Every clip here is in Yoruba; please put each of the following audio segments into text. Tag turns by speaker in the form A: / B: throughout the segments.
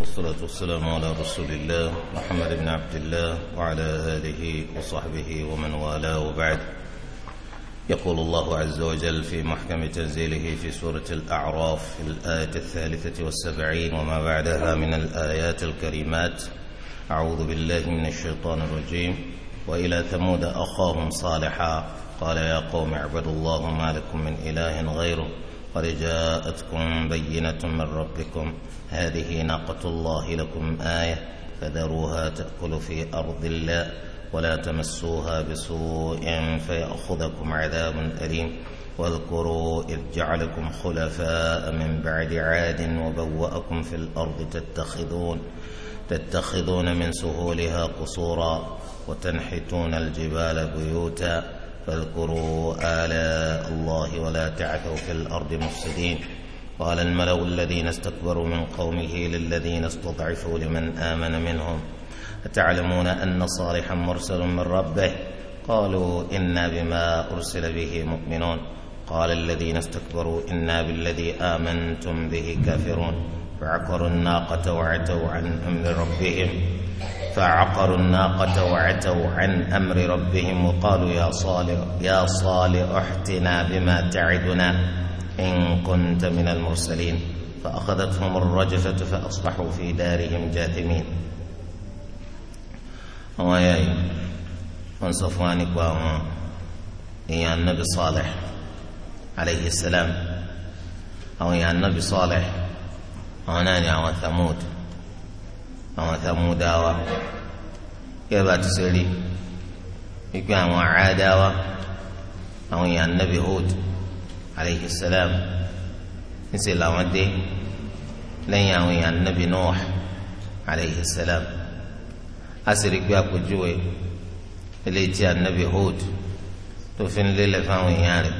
A: والصلاة والسلام على رسول الله محمد بن عبد الله وعلى آله وصحبه ومن والاه وبعد يقول الله عز وجل في محكم تنزيله في سورة الأعراف في الآية الثالثة والسبعين وما بعدها من الآيات الكريمات أعوذ بالله من الشيطان الرجيم وإلى ثمود أخاهم صالحا قال يا قوم اعبدوا الله ما لكم من إله غيره قد جاءتكم بينة من ربكم هذه ناقة الله لكم آية فذروها تأكل في أرض الله ولا تمسوها بسوء فيأخذكم عذاب أليم واذكروا إذ جعلكم خلفاء من بعد عاد وبوأكم في الأرض تتخذون تتخذون من سهولها قصورا وتنحتون الجبال بيوتا فاذكروا آلاء الله ولا تعثوا في الأرض مفسدين قال الملأ الذين استكبروا من قومه للذين استضعفوا لمن آمن منهم أتعلمون أن صالحا مرسل من ربه قالوا إنا بما أرسل به مؤمنون قال الذين استكبروا إنا بالذي آمنتم به كافرون فعقروا الناقة وعتوا عن أمر ربهم فعقروا الناقة وعتوا عن أمر ربهم وقالوا يا صالح يا صالح احتنا بما تعدنا إن كنت من المرسلين فأخذتهم الرجفة فأصبحوا في دارهم جاثمين àwọn من صفوانك wọ́n sọ fún wa nípa àwọn èèyàn anabi sọ́ọ̀lẹ̀ àwọn náà ni àwọn Thamud àwọn Thamudawa kẹ́ẹ̀bà ti ṣe rí wípé àwọn Aadawa àwọn èèyàn Nabi Hud alayhi salam níṣẹ́ làwọn dé lẹ́yìn àwọn èèyàn Nabi Nuh alayhi salam a sì rí pé àpèjúwe eléyìí tí Nabi Hud tó fi ń lélẹ̀ fáwọn èèyàn rẹ̀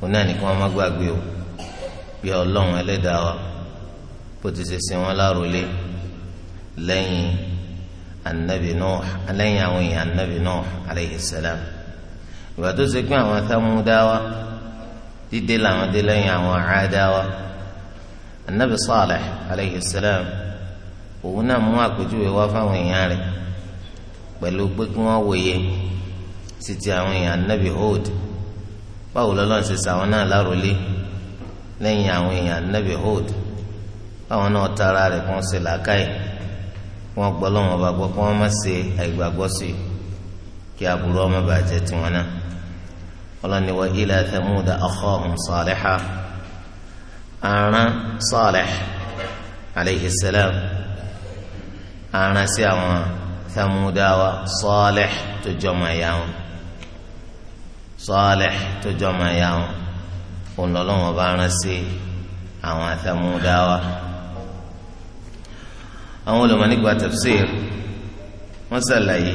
A: òun náà ni kí wọ́n má gbàgbé o bí ọlọ́run ẹlẹ́dàá wa bó ti ṣe sin wọn lárólé lẹ́yìn anabi Nuh lẹ́yìn àwọn èèyàn anabi Nuh alayhi salam ìgbà tó ṣe pé àwọn Samudawa dídé làwọn dé lẹ́yìn àwọn Adawa anabi Salih alayhi salam òun náà mú àpèjúwe wá fáwọn èèyàn rẹ̀ pẹ̀lú pé kí wọ́n wòye sí ti àwọn èèyàn anabi Hud báwo lọ́lọ́run ṣe sàwọn náà lárólé lẹ́yìn àwọn èèyàn anabi Hud káwọn náà tara rẹ̀ kó wọ́n ṣe làákàyè wọ́n gbọ́ lọ́wọ́ bá gbọ́ kó wọ́n má ṣe àìgbàgbọ́ sí i kí aburú ọmọ bàjẹ́ tiwọn náà ọlọ́ni wa ila thamuda akhahum saliha aran salih alayhi aran sí àwọn thamudawa salih tó jọmọ ẹ̀yà wọn salih tó jọmọ ẹ̀yà wọn òun lọ́lọ́wọ́ bá aran sí àwọn thamudawa àwọn olùmọ̀ nípa tafsir wọ́n ṣàlàyé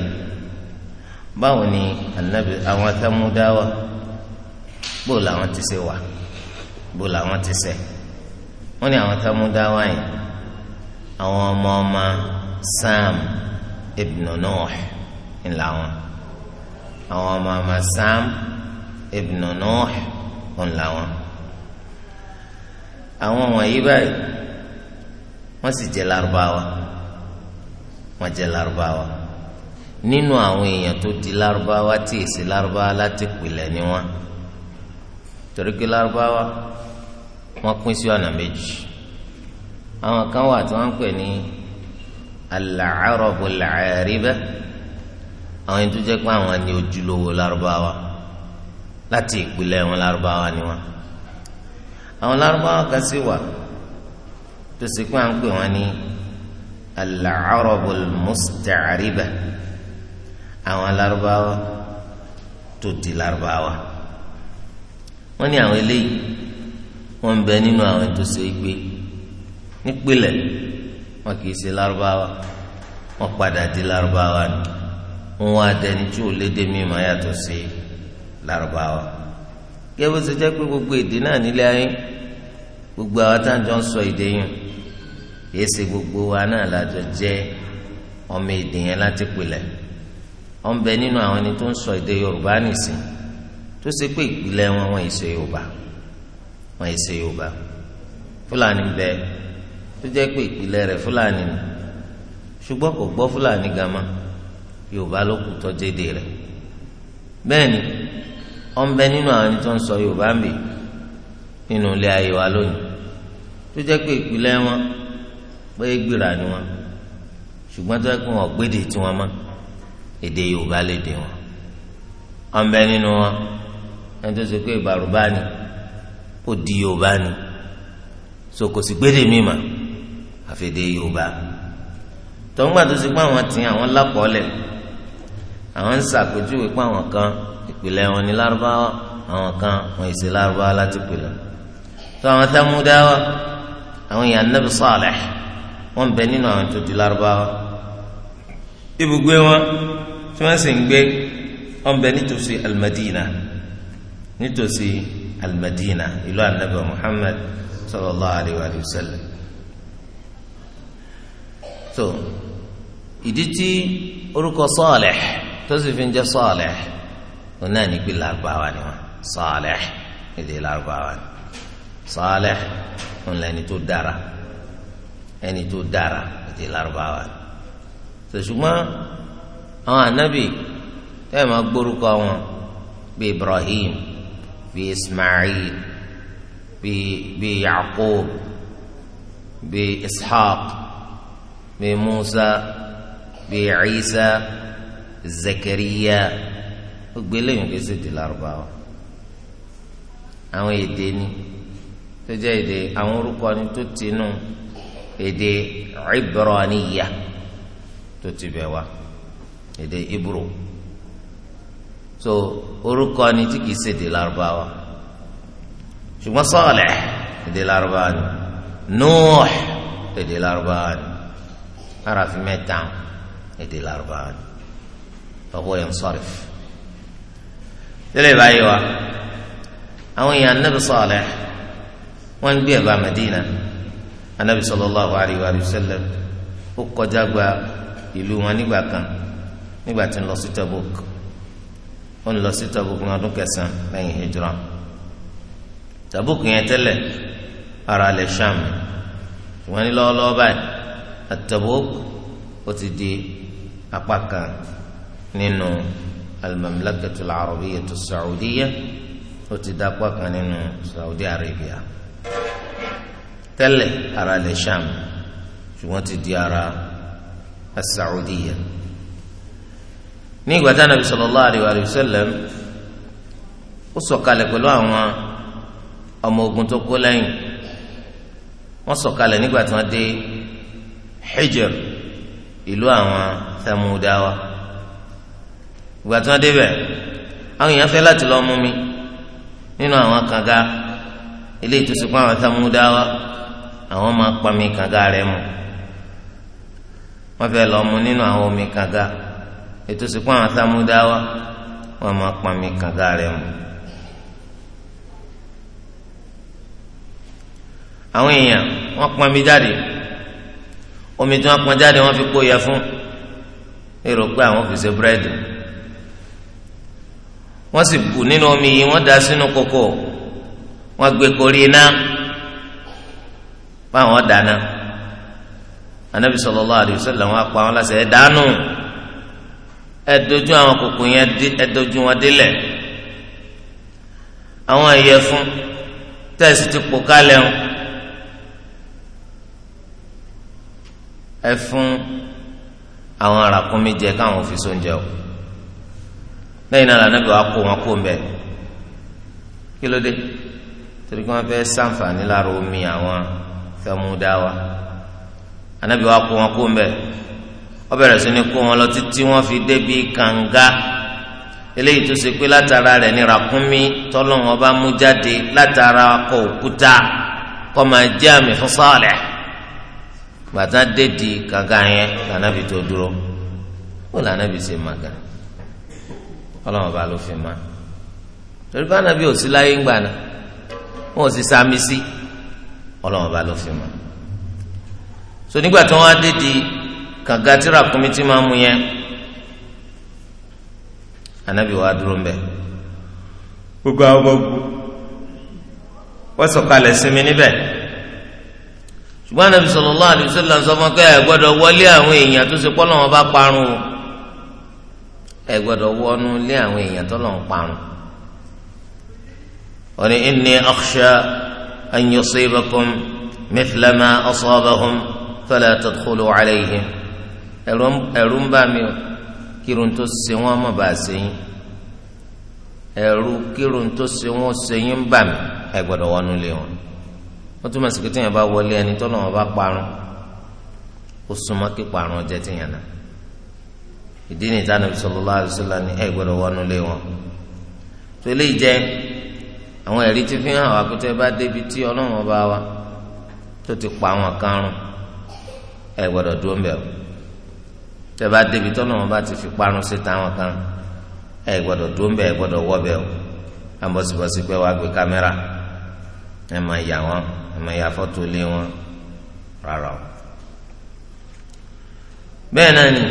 A: báwo ni anabi àwọn atẹ́múdáwà bó làwọn ti ṣe wà bó làwọn ti ṣe wọ́n ní àwọn atẹ́múdáwà yìí àwọn ọmọ ọmọ sam ibn Nuh ńlá wọn àwọn ọmọ ọmọ sam ibn Nuh ńlá wọn àwọn wọ̀nyí báyìí wọ́n sì jẹ́ lárúbáwá wọ́n jẹ́ lárúbáwá nínú àwọn èèyàn tó di lárúbáwá tí èsì lárúbáwá láti pìlẹ̀ ni wọ́n torí pé lárúbáwá wọ́n pín sí ọ̀nà méjì àwọn kan wà tí wọ́n ń pè ní al-arabu al-ariba àwọn yìí tó jẹ́ pé àwọn ni ojúlówó lárúbáwá láti ìpìlẹ̀ wọn lárúbáwá ni wọ́n àwọn lárúbáwá kan sì wà tó ṣe pé à ń pè wọ́n ní al-arabul musta'riba àwọn alárúbáwá tó di lárúbáwá
B: wọ́n ní àwọn eléyìí
A: wọ́n ń bẹ nínú àwọn tó ṣe gbé nípìnlẹ̀ wọn kì í ṣe lárúbáwá wọ́n padà di lárúbáwá ni wọ́n wá dẹni tí ò lédè mímọ́ yàtọ̀ sí lárúbáwá gẹ́gẹ́ bó ṣe jẹ́ pé gbogbo èdè náà nílé ayé gbogbo àwọn táwọn jọ ń sọ èdè yìí kìí ṣe gbogbo wa náà lájọ jẹ́ ọmọ èdè yẹn láti pilẹ̀ ọ̀n bẹ nínú àwọn ẹni tó ń sọ èdè yorùbá nìsín tó ṣe pé ìpìlẹ̀ wọn wọn ìṣe yorùbá wọn ìṣe yorùbá fúlàní bẹ tó jẹ́ pé ìpìlẹ̀ rẹ̀ fúlàní ni ṣùgbọ́n kò gbọ́ fúlàní gama yorùbá ló kù tọ́jú èdè rẹ̀ bẹ́ẹ̀ ni ọ̀n bẹ nínú àwọn ẹni tó ń sọ yorùbá mi nínú ilé ayé wa lónìí tó jẹ́ pé ìpìlẹ̀ wọn pé gbìrà ni wọn ṣùgbọ́n tó yẹ kí wọn gbédè tí wọn mọ èdè yorùbá lè dè wọn ọ̀nbẹ nínú wọn ẹni tó ṣe pé ìbàrúbá ni ó di yorùbá ni so kò sì gbédè mí mà àfẹ̀dé yorùbá
B: tọ́ngbà tó ṣe pé àwọn tìǹ àwọn lápọ̀ọ́lẹ̀
A: àwọn ń ṣàpèjúwe pé àwọn kan ìpìlẹ̀ wọn ní lárúbáwá àwọn kan wọn ìṣe lárúbáwá láti pìlẹ̀ tó àwọn Samudawa àwọn èèyàn Nabi Salih wọn bẹ nínú àwọn tó di Lárúbáwá ibùgbé wọn tí wọn sì ń gbé wọn bẹ nítòsí Al-Madina nítòsí Al-Madina ìlú anabi Muhammad sallallahu alayhi wa sallam so ìdí tí orúkọ Salih tó sì fi ń jẹ Salih wọn náà ní pé Lárúbáwá ni wọn Salih èdè Lárúbáwá ni Salih wọn lẹni tó dára ẹni tó dára ètè lárúbáwá ṣùgbọ́n àwọn ànábì tẹ́ ẹ̀ máa gbórúkọ wọn bíi Ibrahim bíi Ismail bíi bíi Yaqub bíi Ishaq bíi Musa bíi Isa Zakariya ó gbé lẹ́yìn kí ṣe di lárúbáwá àwọn èdè ni tó jẹ́ èdè àwọn orúkọ ni tó tinú èdè Ibraniya tó ti bẹ̀ wá èdè Ibro so orúkọ ni tí kìí ṣèdè Lárúbáwá ṣùgbọ́n Salih èdè Lárúbáwá ni Nuh èdè Lárúbáwá ni arafi mẹ́ta èdè Lárúbáwá ni fahuwa yansarif tẹ́lẹ̀ báyìí wa àwọn èèyàn Nabi Salih wọ́n ń gbé ẹ̀bá Madina anabi sallallahu alayhi wa sallam ó kọjá gba ìlú wọn nígbà kan nígbà tí ń lọ sí Tabuk ó ń lọ sí Tabuk ní ọdún kẹsàn lẹ́yìn hijra Tabuk yẹn tẹ́lẹ̀ ara lẹ Sham wọn ní lọ́wọ́lọ́wọ́ báyìí at ó ti di apá kan nínú al-Mamlakatu al ó ti di apá kan nínú Saudi Arabia tẹ́lẹ̀ ara lẹ̀ sham ṣùgbọ́n ti di ara asaudiya ní ìgbà tá nàbì sallallahu alaihi wa sallam ó sọ̀kalẹ̀ pẹ̀lú àwọn ọmọ ogun tó kó lẹ́yìn wọ́n sọ̀kalẹ̀ nígbà tí wọ́n dé Hijr ìlú àwọn Thamudawa ìgbà tí wọ́n débẹ̀ àwọn èèyàn fẹ́ láti lọ mú mi nínú àwọn kànga ilé ìtòsí àwọn Thamudawa àwọn máa pa mi kànga rẹ̀ mu wọ́n fẹ́ lọ mu nínú àwọn omi kànga ètò ìsìnkú àwọn sámúdáwá wọ́n máa pa mi kànga rẹ̀ mu. àwọn èèyàn wọ́n pọn mi jáde omi tí wọ́n pọn jáde wọ́n fi kó yẹ fún èrò pé àwọn fi ṣe búrẹ́dì wọ́n sì bù nínú omi yìí wọ́n da sínú kòkò wọ́n gbé korí náà. báwọn dáná anabi sallallahu alaihi wasallam wọn pa wọn láṣẹ ẹ dánú ẹ dojú àwọn kòkò yẹn ẹ dojú wọn délẹ̀ àwọn ẹyẹfun tẹsí ti pò kálẹ̀ ń ẹ fún àwọn arákùnmí jẹ káwọn o lẹ́yìn náà lànà bí wàá kó wọn kó kí ló dé torí kí wọn Samuda wa anabi wa kó wọn kó mbẹ ó bẹ̀rẹ̀ sí ní kó wọn lọ títí wọn fi débi kànga eléyìí tó ṣe pé látara rẹ̀ ní ràkúnmí tọ́lọ́wọ́n bá mú jáde látara kọ òkúta kọ́ máa jẹ́ àmì fún Sálíhù gbàtà dédi kànga yẹn lànàbì tó dúró ó lànàbì ṣe màgà ọlọ́wọ́n bá ló fi má torí bá nàbì ò sí láyé ńgbà náà wọn ò sì sá mi sí. Si ọlọ́run bá ló fi mọ̀ so nígbà tí wọ́n á dé di kànga tí ràkúnmí tí máa mú yẹn anabi wa dúró mbẹ gbogbo àwọn gbogbo wọ́n sọ̀kalẹ̀ sinmi níbẹ̀ ṣùgbọ́n anabi sallallahu alaihi wasallam ń sọ fún ẹ gbọ́dọ̀ wọlé àwọn èèyàn tó ṣe pọ́ lọ́wọ́ bá parun ẹ gbọ́dọ̀ wọnú lé àwọn èèyàn tó lọ́wọ́ parun. wọ́n ní inni akhsha. أن يصيبكم مثل ما أصابهم فلا تدخلوا عليهم ẹ̀rù ń bà mí o kírun tó ṣe wọ́n má bàa ṣe yín ẹ̀rù kírun tó ṣe wọ́n ṣe yín ń bà mí ẹ gbọ́dọ̀ wọnú lé wọn wọ́n túmọ̀ sí pé téèyàn bá wọlé ẹni tọ́nà wọn bá parun ó súnmọ́ kí parun jẹ́ téèyàn náà ìdí nìta nàbí sallallahu ni ẹ gbọ́dọ̀ wọnú lé wọn tó lè jẹ́ àwọn ẹ̀rí ti fi hàn wá pé tẹ́ bá débi tí ọlọ́run ọba wa tó ti pa àwọn kan run ẹ gbọ́dọ̀ dúró mbẹ́ o tẹ́ bá débi tí ọlọ́run ọba ti fi parun síta àwọn kan ẹ gbọ́dọ̀ dúró mbẹ́ ẹ gbọ́dọ̀ wọ́ bẹ́ o àbọ̀sibọ̀sí pé wàá gbé kámẹ́rà ẹ máa yà wọ́n ẹ máa yà fọ́tò lé wọn rárá o bẹ́ẹ̀ náà ni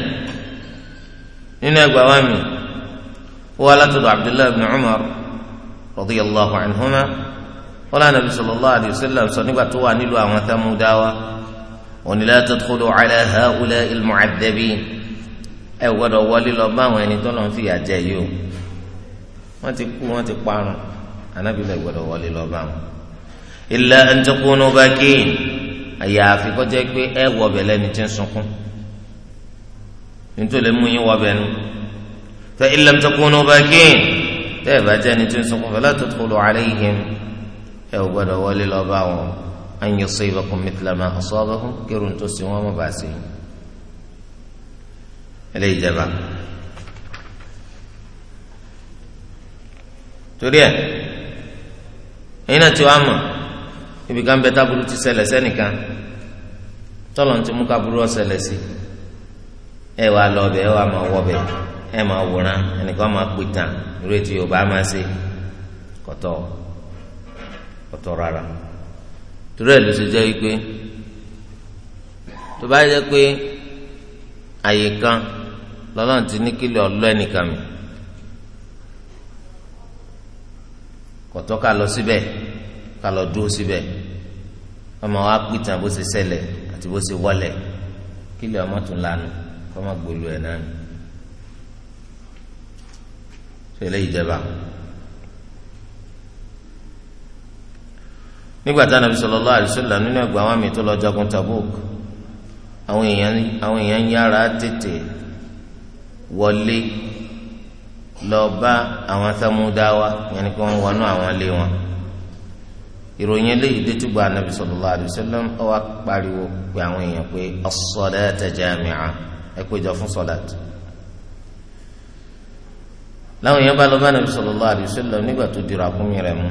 A: nínú ẹgbàá wa mi wọ́n alátọ̀dọ̀ Abdullahi ibn Umar radiyallahu anhuma wọn lànà bí sallallahu alayhi wa sallam sọ nígbà tó wà nílùú àwọn Samudawa wọn ni la tadkhulu ala ha'ula'il mu'addabin ẹ gbọ́dọ̀ wọlé lọ bá àwọn ẹni tó lọ ń fìyà jẹ yìí o wọn ti kú wọn ti parun anabi lẹ gbọ́dọ̀ wọlé lọ bá wọn. illa an takunu bakin àyàfi kọjá pé ẹ wọbẹ lẹni tí ń sunkún nítorí mú yín wọbẹ nu fa illam takunu bakin tẹ́ ẹ̀ bá jẹ́ ẹni tó ń sunkún fala tadkhulu alayhim ẹ ò gbọ́dọ̀ wọlé lọ bá wọn an yusibakum mithla ma asabahum kírù tó sì wọ́n mọ̀ bá sí i. ilé ìjẹba torí ẹ náà ti wá ibi kan bẹ tábúrú ti ń ti mú sí ẹ lọ ẹ ẹ máa wòran ẹnìkan máa pè tàn irú ètò yorùbá máa ṣe kọtọ kọtọ rárá torí ẹ ló ṣe jẹ́ wípé tó bá jẹ́ pé àyè kan lọ́lọ́run ti ní kílẹ̀ ọlọ́ ẹnìkan mi kọtọ ká lọ síbẹ̀ ká lọ dúró síbẹ̀ ọmọ wa pè tàn bó ṣe ṣẹlẹ̀ àti bó ṣe wọlẹ̀ kílẹ̀ ọmọ tẹ̀lé ìjẹba. nígbà tá nàbí sallallahu alaihi wasallam nínú ẹgbẹ́ àwọn àmì tó lọ jagun Tabuk àwọn èèyàn àwọn èèyàn yára tètè wọlé lọ bá àwọn Samudawa yẹn ni kí wọn wọnú àwọn ilé wọn ìròyìn eléyìí dé túgbà nàbí sallallahu alaihi wasallam ó pariwo pé àwọn èèyàn pé as-salata jami'a ẹ péjọ fún sọlá tó láwọn èèyàn bá lọ bá nàbí sallallahu alaihi wasallam nígbà tó dira kúmi rẹ̀ mú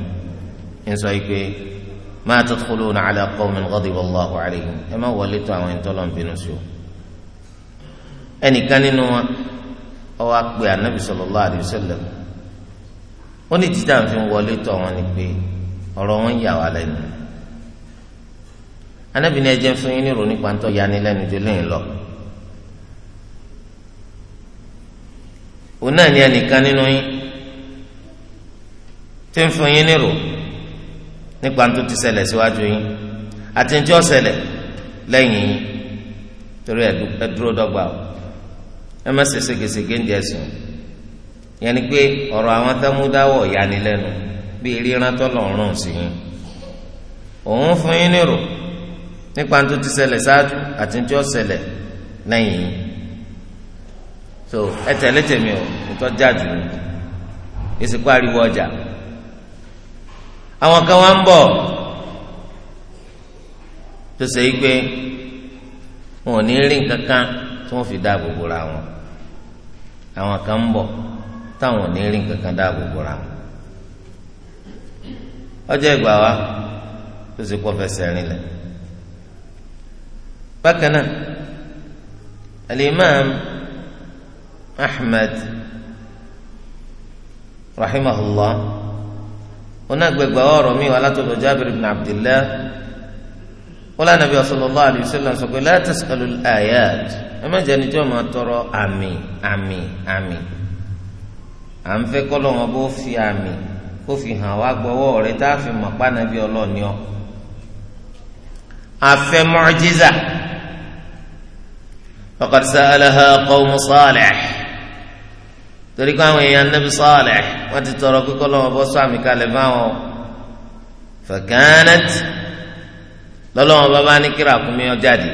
A: ń sọ yìí pé ma tadkhuluna ala qawmin ghadiba Allahu alaihim ẹ má wọlé tó àwọn ìtọ́lọ̀ ń bínú sí o ẹnìkan nínú wọn ó wá pè ànábì sallallahu alaihi wasallam ó ní títà ń fi wọlé tó àwọn ni pé ọ̀rọ̀ wọn yà wá lẹ́nu ànábì ní ẹjẹ́ fún yín nírò nípa ń tọ́ yanilẹ́nu délé òun náà ní ẹnìkan nínú yín tí ń fún yín nírò nípa tó ti ṣẹlẹ̀ síwájú yín àti ní tí ó ṣẹlẹ̀ lẹ́yìn yín torí ẹ dọ́gba o ẹ má ṣe ségesège ń jẹsùn yẹn ni pé ọ̀rọ̀ àwọn tẹ́múdáwọ̀ yanilẹ́nu ríran tọ́lọ̀ ń rùn sí yín òun fún yín nírò nípa tó ti ṣẹlẹ̀ ṣáájú àti tí ó ṣẹlẹ̀ lẹ́yìn yín. so ẹ tẹ̀lé tèmi o ètò ọjà jù ariwo ọjà àwọn kan wá ń bọ̀ tó ṣe é gbé wọn ò ní rí nǹkan kan tí fi dáàbò bora wọn àwọn kan ń bọ̀ táwọn ò ní rí nǹkan kan dáàbò bora wọn ọjọ́ ìgbà wa tó ṣe kọ́ fẹsẹ̀ bákan ahmed rahimahullah onagbegba ọ̀rọ̀ mi wà látọ̀dọ̀ jabir ibn abdillah wọlé anabi sallallahu alayhi wa sallam sọ pé la tas'alu al-ayat ẹ má jẹ ẹni tí wọn máa tọrọ àmì àmì àmì à ń fẹ́ kọlọ wọn bó fi àmì kó fi hàn wá gbọ́wọ́ rẹ̀ tá a fi mọ̀ pánabi ọlọni ọ afẹ́ mu'jiza faqad sa'alaha qawmu salih torí kó àwọn èèyàn Nabi Salih wọ́n ti tọrọ kíkọ́ lọ́wọ́ bọ́ sọ àmì kalẹ̀ fáwọn o fakanat lọ́lọ́wọ́ bàbá ní kí ràkúnmí ó jáde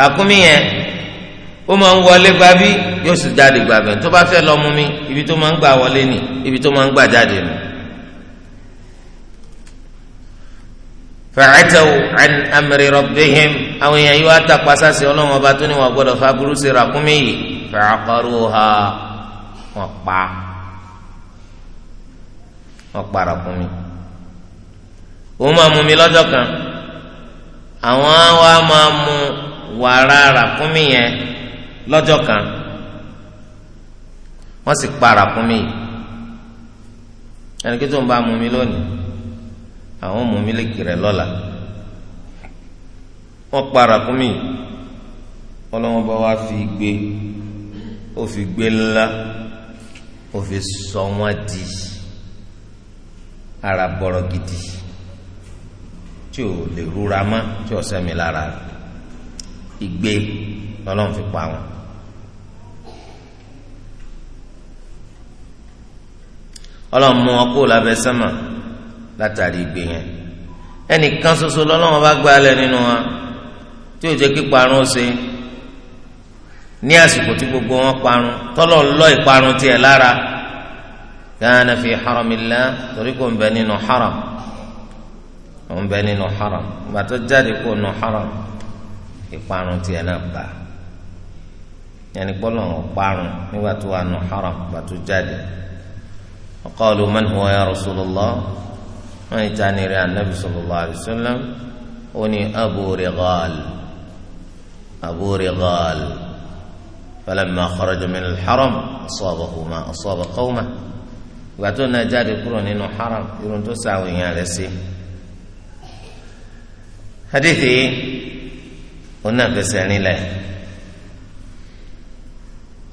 A: ràkúnmí yẹn ó máa ń wọlé gbàbí yóò sì jáde gbàbẹ tó bá fẹ́ lọ mú mi ibi tó máa ń gbà wọlé ni ibi tó máa ń gbà jáde ni. fa'ataw an amri rabbihim àwọn èèyàn yóò á ta pàṣẹ sí ọlọ́wọ́n tó ní wọn gbọ́dọ̀ fa burú yìí fa'aqaruha wọ́n pa wọ́n pa ràkúnmí òun máa mú mi lọ́jọ́ kan àwọn wa máa mú wàrà ràkúnmí yẹn lọ́jọ́ kan wọ́n sì pa ràkúnmí yìí ẹnikẹ́ni tó ń bá mú mi lónìí àwọn mú mi lè kiri lọ́la wọ́n pa ràkúnmí yìí ọlọ́wọ́n bá wá fi gbé ó fi gbé ńlá ó fi sọ wọn di ara bọrọ gidi tí ò lè rúra mọ́ tí ò sẹmi lára ìgbé lọ́lọ́run fi pa wọn. ọlọ́run mú wọn kó lábẹ́ sánmà látàrí ìgbé yẹn ẹnìkan ṣoṣo lọ́lọ́run bá gbá alẹ́ nínú wa tí ò jẹ́ kí parun ó ṣe é ní àsìkò tí gbogbo wọn parun tọ́lọ̀ lọ ìparun tiẹ̀ lára gánà fi haramillah torí kò ń bẹ nínú haram ò ń bẹ nínú haram ìgbà tó jáde kó nù haram ìparun tiẹ̀ náà bá yẹnni gbọ́dọ̀ wọn parun nígbà tó wà nù haram ìgbà tó jáde qalu man huwa ya rasulullah wọn yìí ta rẹ anabi sallallahu alayhi ó ní abu rigal abu rigal. فلما خرج من الحرم أصابه ما أصاب قومه gbàtó náà jáde kúrò nínú haram irun tó sáwọn èèyàn rẹ̀ sí. hadithi onáfẹsẹ̀ nílẹ̀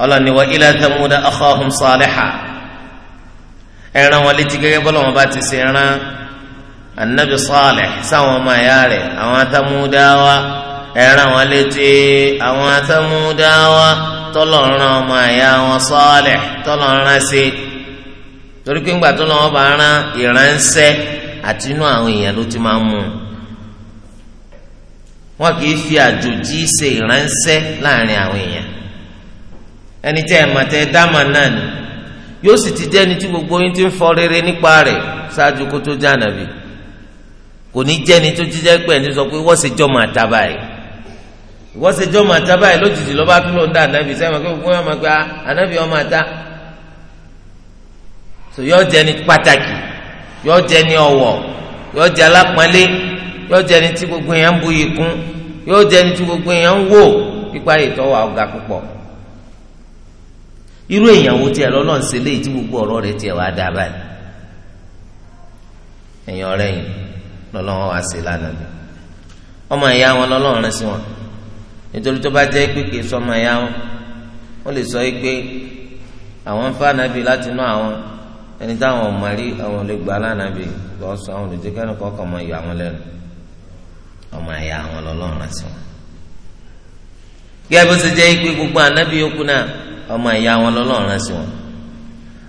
A: ọlọ́ni wa ila Thamuda akhahum saliha ẹran wọn létí gẹ́gẹ́ bọ́lá wọn bá ti ṣe ẹran anabi Salih sáwọn ọmọ ẹ̀yà rẹ̀ àwọn Thamudawa ẹran wọn létí àwọn Thamudawa. tọ́lọ̀ràn ọmọ ẹ̀yà wọn sọ́ọ̀lẹ̀ tọ́lọ̀ràn sí torí pé ńgbà tó lọ́wọ́ bá rán ìránṣẹ́ àti inú àwọn èèyàn ló ti máa ń mú un wọn kì í fi àjòjì ṣe ìránṣẹ́ láàrin àwọn èèyàn ẹni tẹ́ dama mà tẹ́ dámà náà ni yóò ti jẹ́ni tí gbogbo yín ti ń fọ rere nípa rẹ̀ ṣáájú kó tó jẹ́ kò ní jẹ́ni tó sọ pé wọ́n ṣe wọ́n ṣe jọ́ màtá báyìí lójijì lọ́ba tó ló ń dá ànábì kí gbogbo máa ah, gba ànábì ọmọ àtá so yọ jẹ ní pàtàkì yọ jẹ ní ọwọ yọ jẹ alápọ̀nlé yọ jẹ ní tí gbogbo yẹn ń bu yọ jẹ ní tí gbogbo yẹn ń wò pípa ìtọ́wà ọ̀gá púpọ̀ irú wo tiẹ̀ lọ́lọ́run tí gbogbo ọ̀rọ̀ nítorí tó bá jẹ́ pé kìí sọmọ ẹ̀yà wọn wọ́n lè sọ yìí pé àwọn ń fa ànábì láti nú àwọn ẹni táwọn ò mọ̀rí àwọn lè gbà lánàbì lọ́ọ́ sọ àwọn olùdíkẹ́ ní kọ́kọ́ ọmọ ìyá wọn lẹ́nu ọmọ ẹ̀yà àwọn lọ́lọ́run àti wọn. gẹ́gẹ́ bó ṣe jẹ́ pé gbogbo ànábì yòókù náà ọmọ ìyá wọn lọ́lọ́run àti wọn.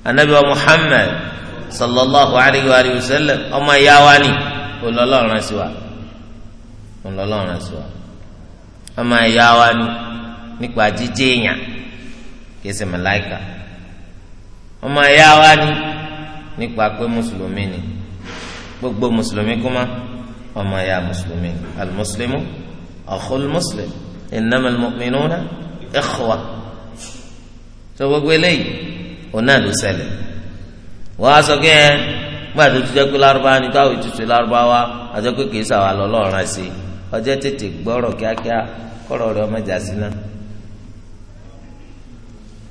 A: ànábì wa Muhammad sallallahu alayhi wa sallam ọmọ ìyá wa ni òun àti wa òun àti wa ọmọ ẹ̀yà wa ni nípa jíjẹ́ èèyàn kìí ṣe màláìkà ọmọ ẹ̀yà wa ni nípa pé mùsùlùmí ni gbogbo mùsùlùmí kúmá ọmọ ẹ̀yà mùsùlùmí ni alimuslimu akhul muslim innamal mu'minuna ikhwa tó gbogbo eléyìí òun náà ló ṣẹlẹ̀ wọ́n sọ kí ẹ gbàdúrà tó jẹ́ pé lárúbáwá ni táwọn ètùtù lárúbáwá àti pé kìí ṣàwà lọ́lọ́run àti ọjọ́ tètè gbọ́rọ̀ kíákíá kọ́rọ̀ rẹ̀ ọmọ ìjà sí náà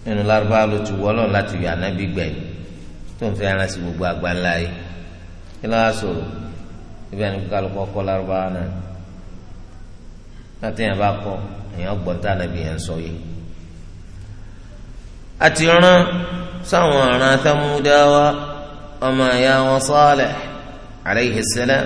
A: nínú lárúbáwá ló ti wọ́lọ́ láti yọ ànábì gbẹ̀yìn tó ń fẹ́ ara sí gbogbo àgbáńlá yìí kí ló wá sọ̀rọ̀ ibẹ̀ ni kálukọ́ kọ́ lárúbáwá náà láti yẹn bá kọ́ èèyàn gbọ́n tá ànábì yẹn sọ yìí. àti rán sáwọn aràn Samudawa ọmọ ìyá wọn Salih alayhi salam.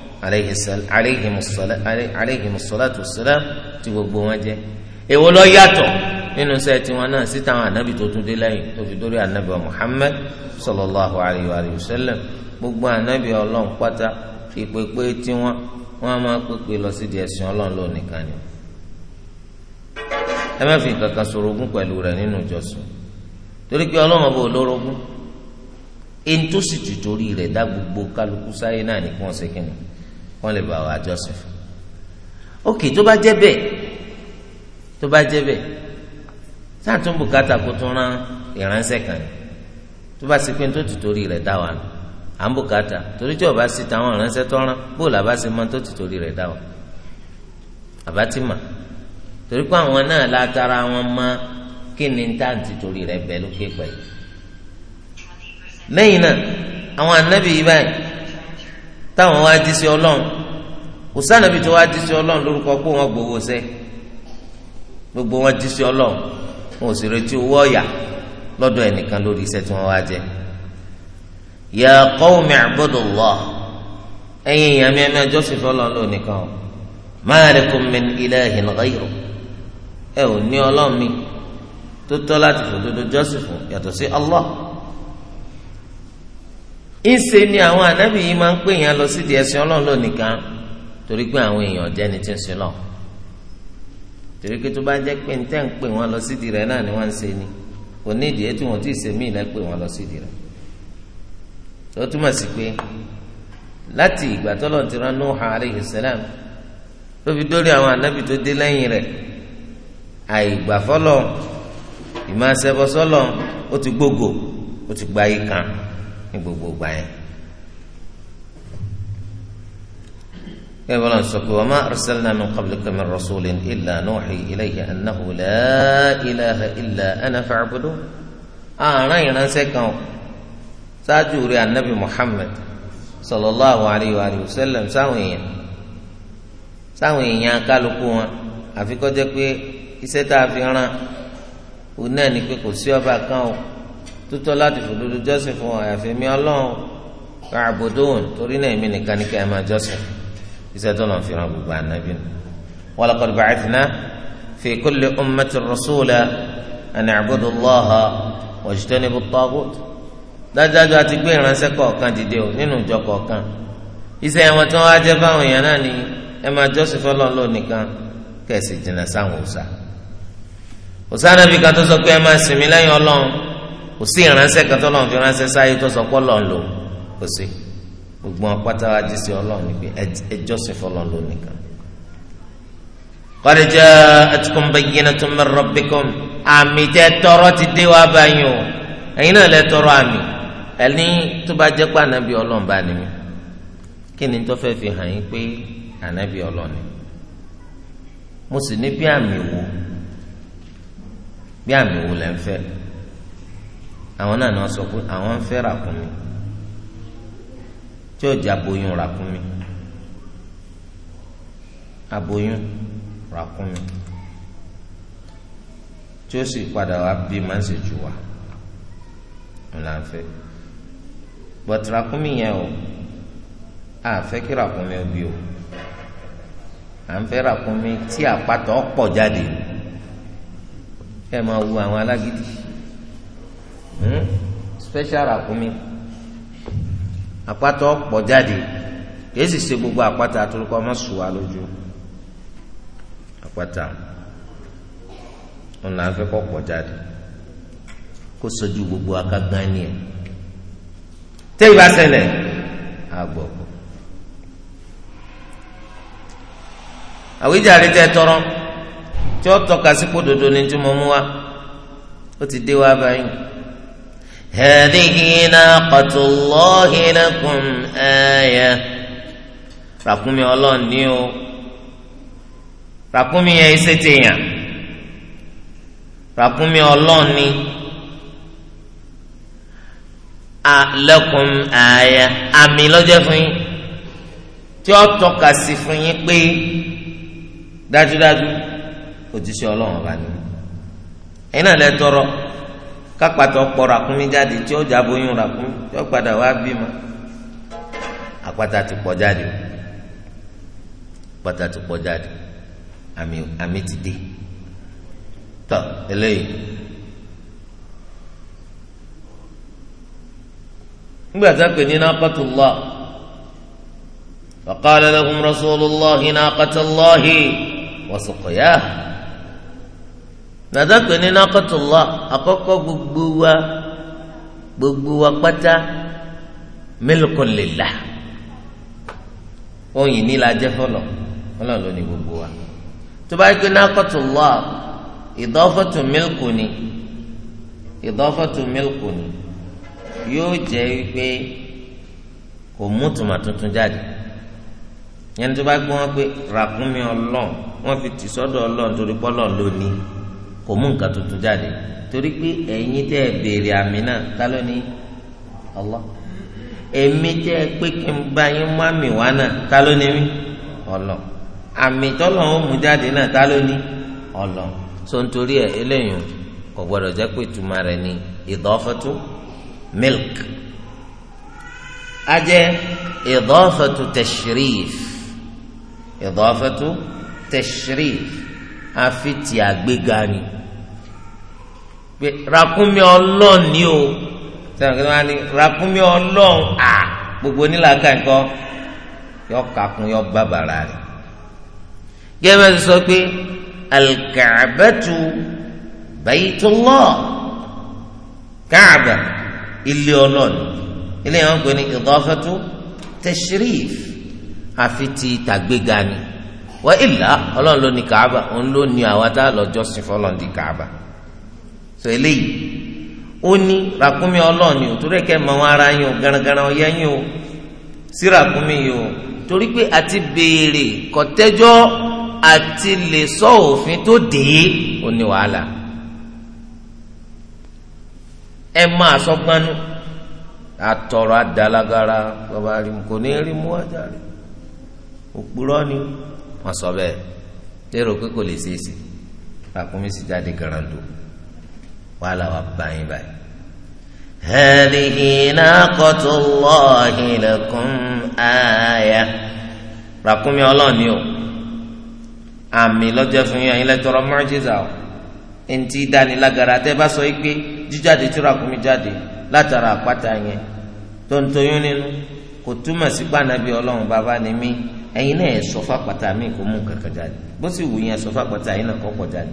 A: aleyhimusalatu wasalam ti gbogbo wọn jẹ èwo ló yàtọ̀ nínú sẹ́ẹ̀ tiwọn náà sí táwọn ànábì tó tún dé lẹ́yìn tó fi dórí anabi wa sallallahu alayhi wa sallam gbogbo anabi ọlọ́run pátá ìpèpè tiwọn wọn a máa pèpè lọ sí di ẹ̀sìn ọlọ́run lónìí ni ẹ má fi kankan sorogún nínú ìjọsìn torí pé ọba olórogún sì tìtorí wọ́n lè bá wa jọ́sìn fún ok tó bá jẹ́ bẹ́ẹ̀ tó bá jẹ́ bẹ́ẹ̀ sáà tún bùkátà kó tún rán ìránṣẹ́ kan ni tó bá sì pé tó ti torí rẹ̀ dá wa nù à ń bùkátà torí tí ọba sì táwọn ìránṣẹ́ tó rán bóòlù àbá sì mọ tó ti torí rẹ̀ dá wa àbá ti mà torí pé àwọn náà látara wọn mọ kí ni tá à ń ti torí rẹ̀ bẹ̀ lókè pẹ̀lú lẹ́yìn náà àwọn anábìyí báyìí. táwọn wá di sí ọlọ́run kò sànàbí tó wá di sí ọlọ́run lórúkọ pé wọ́n gbowó gbogbo wọn di sí ọlọ́run wọn ò sì retí owó ọ̀yà lọ́dọ̀ ẹnìkan lórí tí wá jẹ. ya qawmi ibudullah ẹ̀yin ìyá mi ẹjọ́ sì o ẹ ò ní ọlọ́run mi tó tọ́ láti fòdodo ìṣe ni àwọn ànábì yìí máa ń pè yẹn lọ sídìí ẹ̀sìn Ọlọ́run lónìkan torí pé àwọn èèyàn jẹ́ ni tí ń sin lọ torí pé tó bá jẹ́ pé ní tẹ́ ń pè wọ́n lọ sídìí rẹ̀ náà ni wọ́n ń ṣe ni kò ní ìdíyẹ tí wọ́n ti ṣe míì pè wọ́n lọ sídìí rẹ̀ tó túmọ̀ sí pé láti ìgbà tó lọ́n ti rán Nuha alayhi salam ló fi dórí àwọn ànábì tó dé lẹ́yìn rẹ̀ àìgbàfọ́lọ́ ìmọ̀ àṣẹbọ́sọ́lọ́ ó ti gbógo ó ti gbayé kan ní gbogbo gbà yẹn. kí ẹ̀bọ́n náà sọ pé wa ma arsalna min qablika min rasulin illa nuhi ilayhi annahu la ilaha illa ana fa'budu ààrùn ìránṣẹ́ kan o ṣáájú rẹ̀ anabi muhammed sallallahu alayhi wa sallam sáwọn èèyàn sáwọn èèyàn kálukú wọn àfi pé iṣẹ́ tá a fi rán òun náà ni pé kò sí ọba kan o tó tọ́ láti fòdodo jọ́sìn fún àyàfi mi ọlọ́run káàbòdòhùn torí náà èmi nìkan ní ká ẹ máa jọ́sìn iṣẹ́ tó lọ́n fi ràn gbogbo ànábì nù. wa laqad ba'athna fi kulli ummatin rasula an a'budu Allaha wajtanibu at-taghut dájúdájú àti gbé ìránṣẹ́ kọ̀ọ̀kan dìde o nínú ìjọ kọ̀ọ̀kan iṣẹ́ wọn tí wọ́n á jẹ́ báwọn èèyàn náà ni ẹ máa jọ́sìn fọlọ́n lò nìkan kẹ̀sì jìnnà sáwọn òòṣà òòṣà nàbì kò sí ìránṣẹ́ kan tọ́lọ́run fi ránṣẹ́ sáyé tó sọ pọ́lọ́ ń lò kò sí gbogbo wọn pátá wa sí ọlọ́run níbi ẹjọ́ sì fọlọ́ lò nìkan. qad ja'atkum bayyinatun min rabbikum àmì tẹ́ tọrọ ti dé wá báyìí o ẹ̀yin náà lẹ tọrọ àmì ẹni tó bá jẹ́ pé ànábì ọlọ́run bá ní mi kí ni tó fẹ́ fi hàn yín pé ànábì ọlọ́run ni mo sì ní bí àmì wo bí àmì wo lẹ́ ń fẹ́ àwọn náà náà sọ pé àwọn ń fẹ́ ràkúnmí tí ó jẹ́ aboyún ràkúnmí aboyún ràkúnmí tí ó sì padà wá bí máa ń ṣèjú wa ńlá ń fẹ́ but ràkúnmí yẹn o àfẹ́ kí ràkúnmí ó bí o à ń fẹ́ ràkúnmí tí àpàtàn pọ̀ jáde ẹ máa wu àwọn alágídí. Hmm? special àkúnmí akpata ọ̀pọ̀ jáde kìí sì gbogbo akpata àtúrúkọ ọmọ sùn lójú àpáta òun là ń fẹ́ kọ́ jáde kó sojú gbogbo akágán ni ẹ̀ tẹ́ ìbá ṣẹlẹ̀ àgbọ̀ kù. àwíjàre tẹ tọrọ tí ó tọ́ka sí kó dodo ni tí mo mú wa ó ti dé wá báyìí. هذه ناقة الله لكم آية ràkúnmí ọlọ́run o ràkúnmí yẹn ṣe tèèyàn ràkúnmí ọlọ́run ní a lẹ́kùn ààyè àmì lọ́jọ́ fún pé dájúdájú kápátọ̀ pọ̀ ràkúnmí jáde tí ó jábóyún ràkúnmí tí ó padà wá bímọ àpáta ti pọ̀ jáde àpáta ti pọ̀ jáde àmì àmì ti dé tọ eléyìí nígbà tá a pè ní naqatullah wa qala lahum rasulullahi naqatallahi wa suqyaha nàdàpẹ ní nàkọtùlọ àkọ́kọ́ gbogbo wa gbogbo wa pátá mílíkùn lèlá oyin ní la jẹ fọlọ fọlọ ló ní gbogbo wa tó bá gbé nàkọtùlọ ìdọ́fọ̀tù mílíkù ni ìdọ́fọ̀tù mílíkù ni yóò jẹ́ pé kò mú tùmà tuntun jáde yẹn tó bá pé ràkúnmí ọlọ́run wọn fi tì sọ́dọ̀ torí pọ́lọ́run ló kò mú nǹkan tuntun jáde torí pé ẹ̀yin tẹ́ ẹ àmì náà kálọ ní Allah èmi pé kí n bá yín mú àmì wá náà kálọ ní mí àmì tọ́lọ̀ ń mú jáde náà kálọ ní Allah so nítorí ẹ eléyìí kò jẹ́ pé ìtumọ̀ rẹ̀ ni ìdọ́fẹ́tù àfi ti àgbéga ni pé ràkúnmí ọlọ́ọ̀n ni o sẹ́wọ̀n kí wọ́n á ní ràkúnmí ọlọ́ọ̀n à gbogbo onílàákà nǹkan yọ kàkún yọ bàbàrà rẹ̀ gẹ́gẹ́ bí sọ pé alikaabatu bayitullah káàbà ilé ọlọ́ọ̀n ilé yẹn wọ́n pè ní ìdọ́fẹ́tu tashrif àfi ti tàgbéga ni wọ́n ìlà ọlọ́run ló ní kàába òun ló ní àwa tá a lọ jọ́sìn fọlọ́run di kàába sọ eléyìí ó ní ràkúnmí ọlọ́run ni òtún rẹ̀ kẹ́ mọ wọn ara yín o garagara ọ̀yẹ́ yín o sí ràkúnmí yìí o torí pé àti béèrè kọ̀tẹ́jọ́ àti lè sọ òfin tó dé ó ní wàhálà ẹ máa sọgbánú àtọ̀rọ̀ àdàlágara kò ní rí mú wájà rẹ̀ òpùrọ́ ni wọ́n sọ bẹ́ẹ̀ lérò pé kò lè ṣeé ṣe ràkúnmí sì jáde garando wàhálà wà báyìí báyìí. هذه ناقة الله لكم آية ràkúnmí Ọlọ́run ni o àmì lọ́jọ́ fún yín ilẹ̀ tọrọ mọ́jísà o ntí dánilágara tẹ́ bá sọ pé jíjáde tí ràkúnmí jáde látara àpáta yẹn tó ń toyún nínú kò túmọ̀ sí pàànàbí Ọlọ́run bàbá ni mí. ẹ̀yin náà ẹ sọ fàpàtà mi kò mú kankan jáde bó sì wù yín ẹ sọ yín náà kọkọ jáde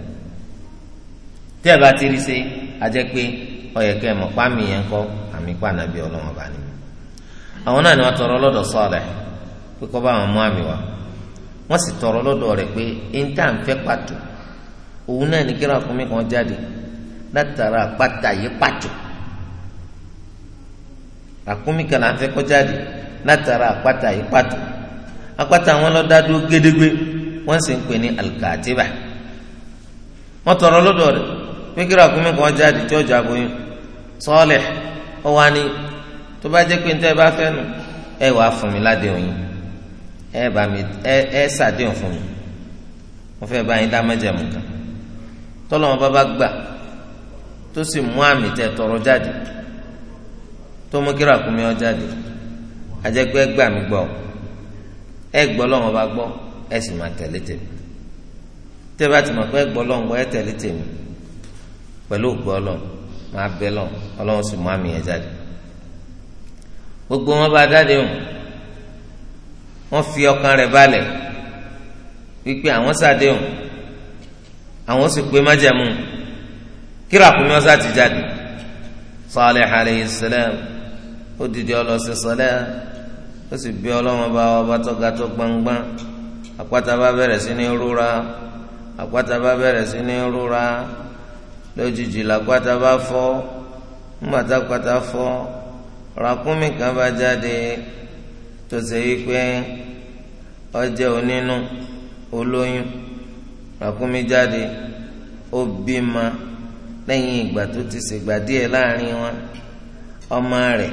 A: tí ẹ bá ti rí ṣe pé ọyẹ kẹ mọ pàmì yẹn kọ àmì tọrọ pé kọ bá tọrọ pé pàtó òun náà ní kíra fún mi jáde látara yìí pàtó apáta wọn lọ dá dúró gédégbé wọn sì ń pè ní alukatiba wọn tọrọ lọ́dọ̀ rẹ̀ pé kí ràkúnmí kan jáde tí ọjà aboyún sọọlẹ ọ wá ní tó bá jẹ́ pé níta ẹ bá fẹ́ nù ẹ wàá fún mi ládéhùn yín ẹ bá mi ẹ ẹ ṣàdéhùn fún mi mo fẹ́ bá yín dá májẹ̀mú kan tọlọmọ bàbá gbà tó sì mú àmì tẹ tọrọ jáde tó mú kí ràkúnmí ọ jáde àjẹgbẹ gbà mí gbọ́ ẹ gbọ́ lọ́wọ́ bá gbọ́ ẹ sì máa tẹ̀lé tèmi tẹ́ bá ti mọ̀ pé ẹ gbọ́ lọ́wọ́ ẹ tẹ̀lé tèmi pẹ̀lú gbọ́ lọ́wọ́ máa bẹ lọ ọlọ́run sì mú àmì yẹn jáde gbogbo wọn bá jáde hàn wọn fi ọkàn rẹ̀ balẹ̀ wípé àwọn ṣàdéhùn àwọn sì pé májẹ̀mú kíra kùnú ọsà ti jáde Salih alayhi salam ó dìde ọlọsẹ sọlẹ ó sì bí ọlọ́run bá ọba tó ga tó gbangban àpáta bá bẹ̀rẹ̀ sí ní rúra àpáta bá bẹ̀rẹ̀ sí ní rúra lójijì làpáta bá fọ́ ńgbàtà pátá fọ́ ràkúnmí kan bá jáde tó ṣe yí pé onínú olóyún ràkúnmí jáde ó bímọ ti ṣègbà díẹ̀ láàrin wọn ọmọ rẹ̀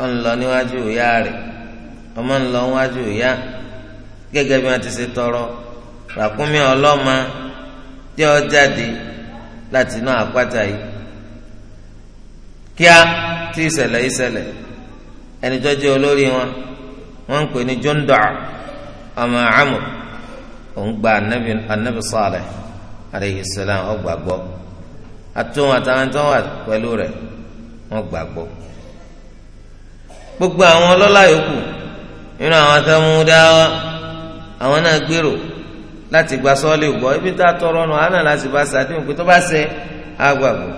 A: ó ń lọ níwájú ìyá rẹ̀. ọmọ ńlọ wájú ìyá gẹ́gẹ́ bí wọ́n ti ṣe tọrọ ràkúnmí ọlọ́mọ tí ó jáde láti inú àpáta yìí kíá tí ìṣẹ̀lẹ̀ ìṣẹ̀lẹ̀ ẹni tó jẹ́ olórí wọn wọ́n ń pè ní Jundu' ọmọ Amr òun gba anabi anabi Salih alayhi salam ó gbàgbọ́ atún àtàwọn tó wà pẹ̀lú rẹ̀ wọ́n gbàgbọ́ gbogbo àwọn ọlọ́lá yòókù nínú àwọn Samudawa àwọn náà gbèrò láti gba sọ́ọ́lì gbọ́ ibi tá a tọrọ nù àná láti bá sàdéhùn pé tó bá ṣe àgbàgbọ́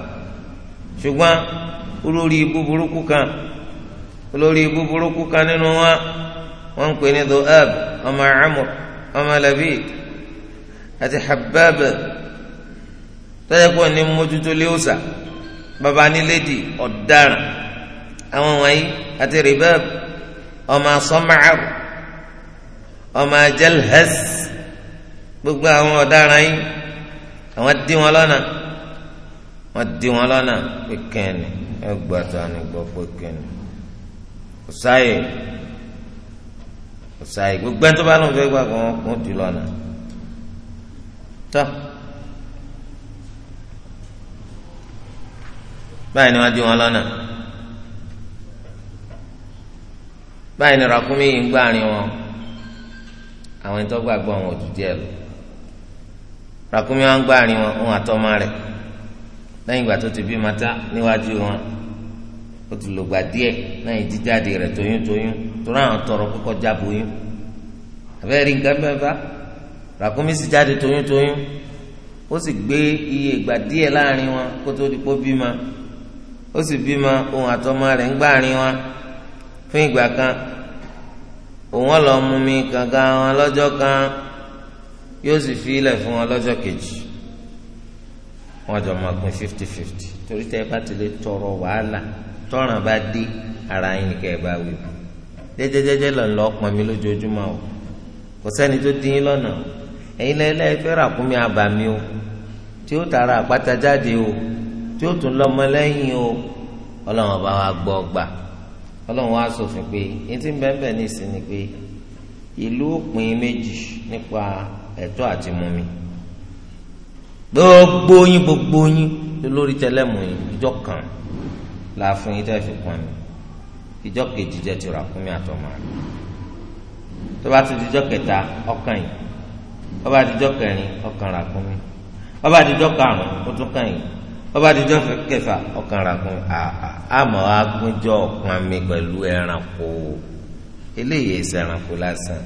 A: ṣùgbọ́n olórí ibú burúkú kan olórí ibú burúkú kan nínú wa wọ́n ń pè ní Du'ab ọmọ Amr ọmọ Labid àti Habbab tọ́jà pọ̀ ní mójútó léwòsà baba nílédì ọ̀daràn àwọn wọ̀nyí àti Ribab ọmọ sọmọcàr ọmọ jalhas gbogbo àwọn ọ̀daràn yìí àwọn dí wọn lọ́nà wọn dí wọn lọ́nà pé kẹ́ni ẹ gbà tó àná gbọ́ pé kẹ́ni kò sáyè kò sáyè gbogbo ẹni tó bá lóun fẹ́ gbà kó wọn kún jù lọ́nà tó. báyìí ni wọ́n dí wọn lọ́nà. báyìí ni ràkúnmí yìí ń wọn àwọn ẹni tó gbàgbọ́ àwọn òjò díẹ̀ lọ wọn ń gbàrin wọn òun àtọ́mọ rẹ̀ ti bí mata níwájú wọn ó ti lògbà díẹ̀ lẹ́yìn jíjáde rẹ̀ tóyún torí àwọn tọrọ kọ́kọ́ jábọ oyún àbẹ́rẹ́ nǹkan sì jáde tóyún ó sì gbé iye ìgbà díẹ̀ láàrin wọn kó tó bímọ ó sì fún ìgbà kan òun ọ̀lọ́ mú mi kankan wọn lọ́jọ́ kan yóò sì fi ilẹ̀ fún wọn lọ́jọ́ kejì wọn jọ máa pín fifty fifty torí tẹ bá ti lè tọrọ wàhálà tọràn bá dé ara yín nìkẹ́ ẹ bá wí bu jẹ́jẹ́jẹ́jẹ́ lọ́n lọ́ pọn mi lójoojúmọ́ o kò sẹ́ni tó dín in lọ́nà o ẹ̀yin lẹ́lẹ́ fẹ́ rà kún mi àbàmì o tí ó tara àpáta jáde o tí ó tún lọ́mọ lẹ́yìn o ọlọ́run ọba wa gbọ́ gbà ọlọ́run wá sòfin pé etí bẹ́ẹ̀ ní ìsìn ni pé ìlú pín méjì nípa ẹ̀tọ́ àti mumi gbogbo yín gbogbo yín lórí tẹlẹmù yín ìjọ kan la fún yín tẹ́ fi pọn mi ìjọ kejì jẹ́ ti ràkúnmí àtọmọ rẹ tó bá ti dijọ́ kẹta ọkàn yìí ó bá dijọ́ kẹrin ọkàn ràkúnmí ó bá dijọ́ karùn-ún ó tún kàn yìí. ọba àtijọ́ kẹfà ọkàn a àmọ́ agúnjọ́ ọ̀kan mi pẹ̀lú ẹranko eléyìí ẹsẹ̀ ẹranko lásán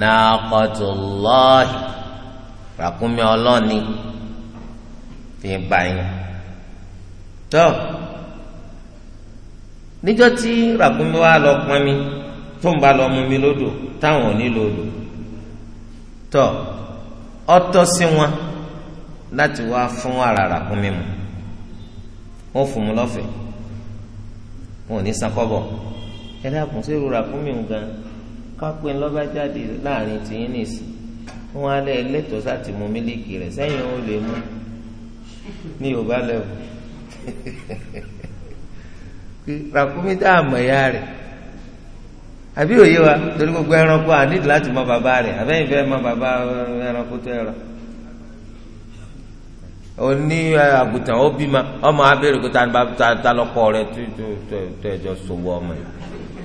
A: nàkọ́tùlọ́ọ̀hì ràkùn ọlọ́ọ̀ni fi bá yín tọ́ níjọ́ tí lọ pọn mi tó ń bá lọ mú mi lódò táwọn ò ní lòdò tọ́ ọtọ́ sí wọn láti wá fún wọn fún un lọ́fẹ̀ẹ́ wọn ò ní san kọ́bọ̀ ẹ dákun sí ìrora fún mi jáde láàrin tìyín nìsí wọn sáti mu mílíkì rẹ̀ sẹ́yìn ó lè mú ní yorùbá ya àbí òye wa torí gbogbo ẹranko mọ bàbá mọ bàbá ẹranko tó ẹran. oní àgùntàn obi ma ọmọ abẹ́rẹ́ kó ta ni bàbá ta lọ́kọ rẹ tó ẹjọ́ sọ̀wọ́ ọmọ ọmụ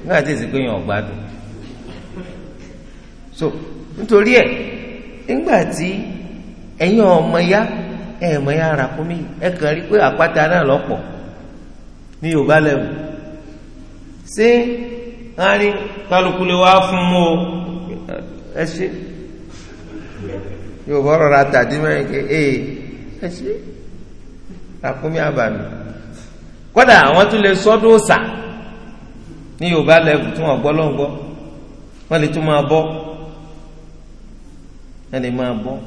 A: nígbà tí èsì pé yàn gbádùn so nítorí ẹ nígbà tí ọmọ ya ẹ̀mọ ya ara kún mi ẹ kàn rí pé àpáta náà lọpọ ní Yorùbá ṣé kálukú lè wá fún ẹ ṣe Yorùbá rọra ẹ ṣe ràkúnmí àbàmì kódà àwọn tún lè sọdún ọ̀sà ní yorùbá lẹ́wù tí wọ́n gbọ́ lọ́n gbọ́ wọ́n lè tún máa bọ́ wọ́n lè máa bọ́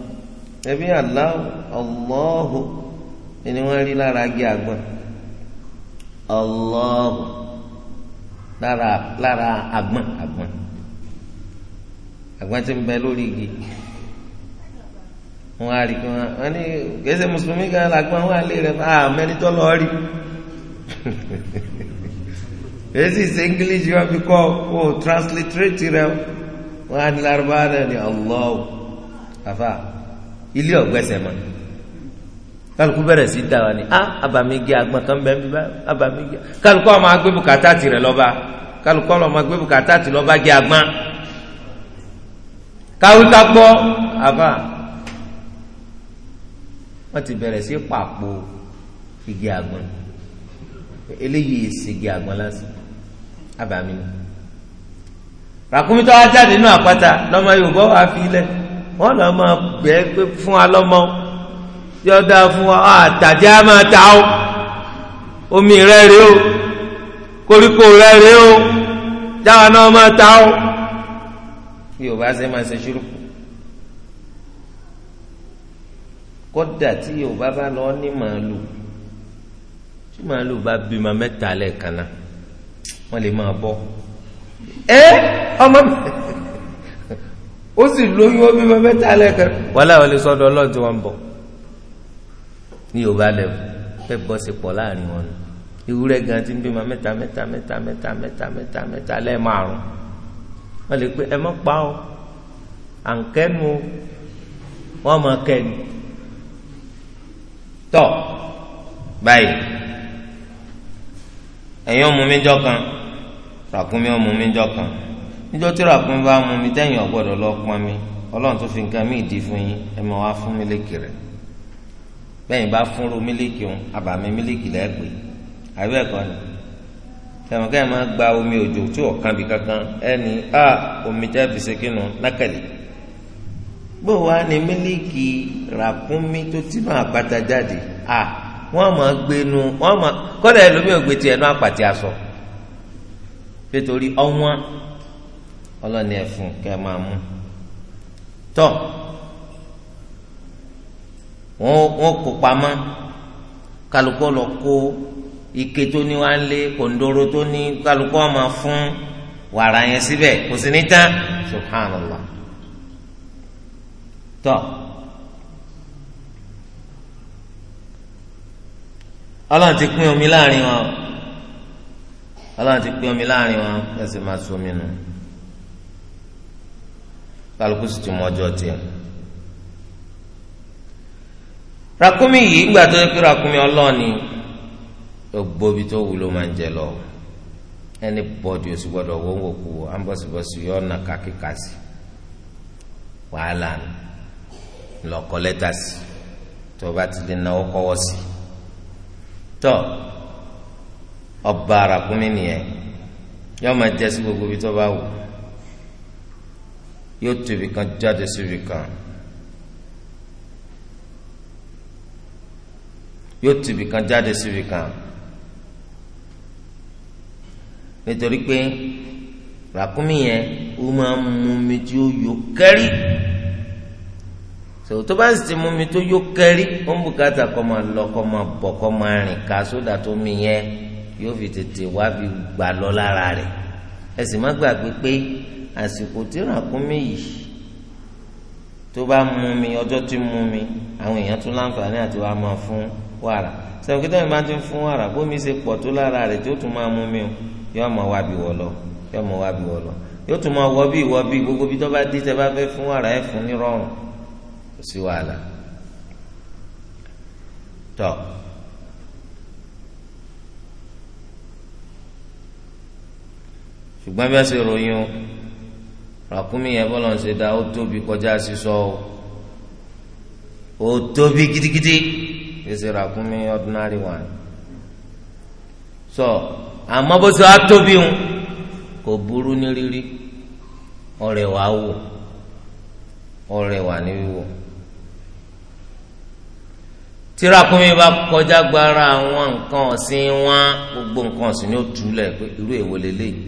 A: ẹbí Allahu Allahu ni wọ́n rí lára agi àgbọn Allahu lára lára àgbọn àgbọn àgbọn ń bẹ lórí igi wọn á rí kan wọn ní kẹsẹ mùsùlùmí kan làgbọn wọn á lé rẹ fún ah, àmẹni tó lọ rí èsì ṣe english wọn fi kọ o transliterate rẹ wọn á ní larubá náà ní allah afa ilé ọgbẹsẹ mọ kálukú bẹ̀rẹ̀ sí dá wa ni a ah, abamigi agbọn kan bẹ nbí abamigi kálukú ọmọ agbé bùkátà tirẹ̀ lọ́ba kálukú ọmọ agbé bùkátà tirẹ̀ lọ́ba gé agbọn
B: káwí ká gbọ́
A: afa wọ́n ti bẹ̀rẹ̀ sí pàpò igi àgbọn eléyìí ìsìgì àgbọn lásán abàmì ni ràkúnmí tó wá jáde nínú àpáta lọ́mọ Yorùbá wà fi lẹ̀ wọ́n lọ́ máa bẹ́ẹ̀ pé fún wa lọ́mọ yọ dáa fún wa àtàdé á máa ta ó omi rẹ̀ rèé o koríko rẹ̀ rèé o
B: jáwa náà máa ta ó
A: Yorùbá ṣe máa ṣe ṣúrùkù. kọ́dà tí yorùbá bá lọ ní màálù tí màálù bá bímọ mẹ́ta lẹ́ẹ̀kan náà wọ́n lè máa bọ́ ẹ ọmọ ó sì lóyún ó bímọ mẹ́ta lẹ́ẹ̀kan wàhálà wọlé sọ́dọ̀ ọlọ́run tí wọ́n ń bọ̀ ní yorùbá lẹ́wọ̀ fẹ́ bọ́ sí pọ̀ láàrin wọn ewúrẹ́ gan ti ń bímọ mẹ́ta mẹ́ta mẹ́ta mẹ́ta mẹ́ta mẹ́ta mẹ́ta lẹ́ẹ̀ márùn wọ́n lè pé ẹ mọ́ pa ọ́ àǹkẹ́nu wọ́n máa kẹ́ni. tọ báyìí ẹ̀yin ọmọ mi jọ kan ràkúnmí ọmọ mi kan níjọ tí ràkúnmí bá mú mi tẹ́yìn ọgbọdọ lọ pọn mi tó fi nǹkan mí ìdí fún yín ẹ máa fún mílíkì rẹ bá fúnru mílíkì òun mílíkì àbí ni máa gba omi òjò tí kankan ẹni a ah, omi fi ṣe bó wá ní mílíkì ràkúnmí tó ti máa bàtà jáde à wọ́n máa gbénu wọ́n máa kọ́dà ẹlòmíì ò gbé tiẹ̀ nú àpàtì aṣọ nítorí ọ̀wọ́n ọlọ́ni ẹ̀fún kẹ́ máa mú tọ́ wọ́n kó pamọ́ kálukọ́ lọ kó ike tó ní wá ń lé kòndóró tó ní kálukọ́ máa fún wàrà yẹn síbẹ̀ kò sí ní tán subhanallah. tọ Ọlọ́run ti pín omi láàrin wọn Ọlọ́run ti pín omi láàrin wọn ẹsẹ máa so omi nù kálukú sì ti mọ ọjọ́ tiẹ̀ rakumi yìí gbà tó kí rakumi ọlọ́ọ̀ni gbogbo ibi tó wù ló máa ń jẹ lọ ẹni bọ́ọ̀dì oṣù gbọ́dọ̀ wọ́n wò kú ambọ̀sibọ̀sì yọ ọ̀nà kàkíkàsì wàhálà ni. lọkọ lẹ́tà sí tó o bá ti lè náwó kọ́wọ́ sí tọ ọba arákùnmí nìyẹn yóò máa jẹ sí gbogbo ibi tó bá wù yóò tó kan jáde sí kan yóò tó kan jáde sí kan nítorí pé ràkúnmí yẹn ó máa mú mi tí ó yọ kẹ́rì so tó bá sì ti mú mi tó yó kẹ́rí ó ń bùkátà kọ́ máa lọ kọ́ máa bọ̀ kọ́ máa rìn ká sódà tó mi yẹn yóò fi tètè wá bí gbà lọ lára rẹ̀ ẹ sì má gbàgbé pé àsìkò tí ràkúnmí yìí tó bá mú mi ọjọ́ tí mú mi àwọn èèyàn tún láǹfààní àti wàá máa fún wàrà sẹ́wọ̀n kí tẹ́lẹ̀ máa ti fún wàrà bómi ṣe pọ̀ tó lára rẹ̀ tó tún máa mú mi o yóò máa wá bí wọ̀ yóò máa wá bí wọ̀ yóò tún máa wọ́ bí ìwọ́ bí gbogbo bí tó bá dé tẹ́ bá fẹ́ fún wàrà ẹ̀ fún ní rọrùn kò sí wàhálà tọ. ṣùgbọ́n bí wọ́n ṣe ròyìn o ràkúnmí yẹn bọ́lá ń ṣe dá ó tóbi kọjá sísọ o ó tóbi gidigidi kì í ṣe ràkúnmí ordinary one sọ àmọ́ bó ṣe wá tóbi ń kò burú ní rírí ọ̀rẹ́ wàá wò ọ̀rẹ́ wà ní wíwò tí ràkúnmí bá kọjá gbára àwọn nǹkan ọ̀sìn wọn gbogbo nǹkan ọ̀sìn ni ó túlẹ̀ pé irú èwo lélẹ́yìí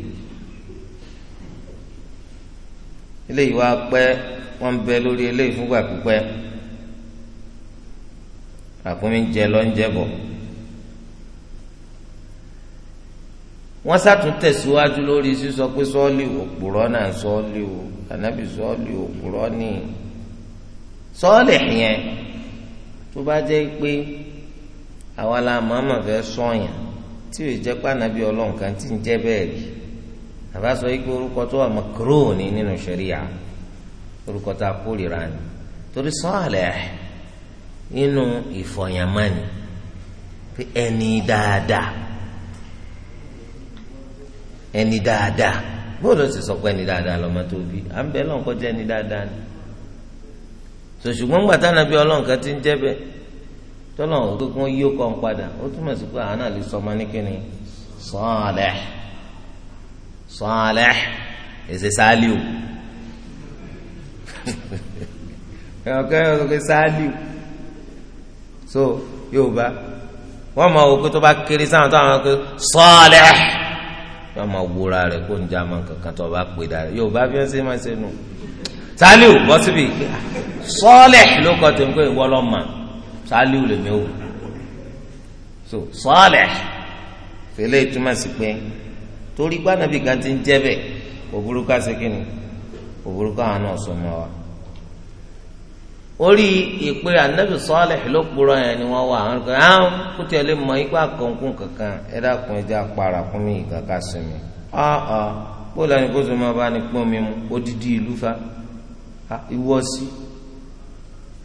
A: eléyìí wá pẹ́ wọ́n ń bẹ lórí eléyìí fúngbà pípẹ́ ràkúnmí ń jẹ lọ ń jẹ bọ̀ wọ́n sàtún lórí sísọ pé sọ́ọ́lì òpùrọ́ náà sọ́ọ́lì o ànábì sọ́ọ́lì òpùrọ́ ní sọ́ọ́lì yẹn. tó bá jẹ́ pé àwa la màmá fẹ́ sọ̀yàn tí ò jẹ́ pé ànábì ọlọ́run ti ń jẹ́ bẹ́ẹ̀ rí àbá sọ yìí pé orúkọ tó wà mọ́kúrò ní nínú ṣẹ̀ríà orúkọ tá a kórìíra ni torí sọ́ọ̀lẹ̀ nínú ìfọ̀yàmánì pé ẹni dáadáa ẹni dáadáa bóòlù sì sọ pé ẹni dáadáa lọ́mọ à ń bẹ́ẹ̀ lọ́nkọ́ jẹ́ so ṣùgbọ́n ńgbà tá nàbí ọlọ́run kan ti ń jẹ́ bẹ́ẹ̀ tọ́lọ̀ òkúkún yíyó kan padà ó túmọ̀ sí pé àwọn náà lè sọ ọmọ ní sọ́ọ̀lẹ̀ sọ́ọ̀lẹ̀ èsè sáálíù ọ̀kẹ́ ọ̀kẹ́ sáálíù so yóò bá wọ́n mọ òkú tó bá kiri sáwọn tó àwọn ọkùnrin sọ́ọ̀lẹ̀ wọ́n mọ wúra rẹ̀ kó ń jẹ́ àmọ́ kankan tó bá pè dára yóò bá bí wọ́n máa ṣe nù. No Saliu bọ́ síbi Salih ló kọ́ tó ń pè wọ́n Saliu so Salih fele ituma sí pé torí gbànàbí kan ti ń jẹ́ àwọn náà anabi ló kpọrọ yẹn ni wọn wà àwọn kan àwọn kúti ẹlẹ mọ kankan kún mi kankan ọ ọ lẹni ma mu odidi ìlú Ah, ìwọ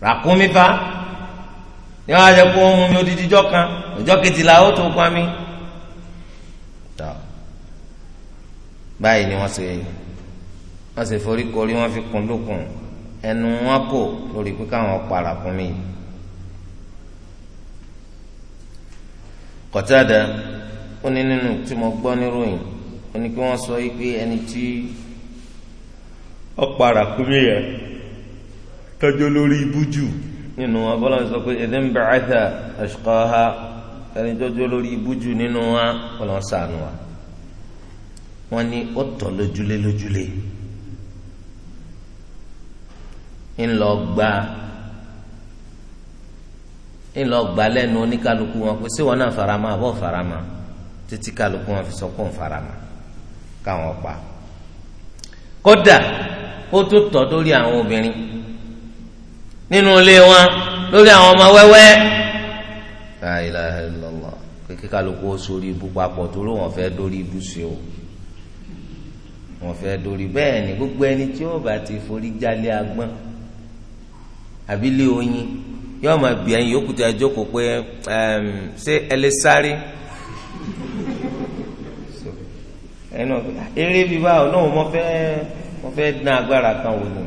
A: rakumi fa ní wàá jẹ kó ohun mi odidi jọ kan ọjọ́ kejìlá ó tó pa mí báyìí ni wọ́n ṣe wọ́n ṣe forí korí wọ́n fi kún lókun ẹnu wọn kò lórí pé káwọn pa ràkúnmí yìí. Qatada ó ní nínú tí mo gbọ́ níròyìn ó ní kí wọ́n sọ yìí pé ẹni tí ọ̀pàrà kúmí yẹn tọ́jú lórí ibú jù nínú wọn bọ́lá sọ pé ẹ̀dẹ́ ń bẹ̀ àìsà àṣùkọ́ ha ẹni tọ́jú lórí ibú jù nínú wa bọ́lá sànù wa wọ́n ní ó tọ̀ lójúlé lójúlé ńlọ gba lẹ́nu oníkálukú wọn pé síwọ́n náà farama àbọ̀ farama títí kálukú wọn fi sọ pé òun farama káwọn pa kódà ó tún tọ́ lórí àwọn obìnrin nínú ilé wọn lórí àwọn ọmọ wẹ́wẹ́ la ilaha illallah kékeré kálukú ó sórí ibú papọ̀ torí wọn fẹ́ dórí ibú sí o wọn fẹ́ dórí bẹ́ẹ̀ ni gbogbo ẹni tí ó bá ti forí jálẹ̀ agbọ́n àbílẹ̀ oyin yóò máa bì ẹyin yòókù tí a jókòó pé ṣé ẹ lè sáré ẹnu ah, eré bíbá ọlọ́run mọ́ fẹ́ẹ́ wọ́n fẹ́ dín agbára kan wò lò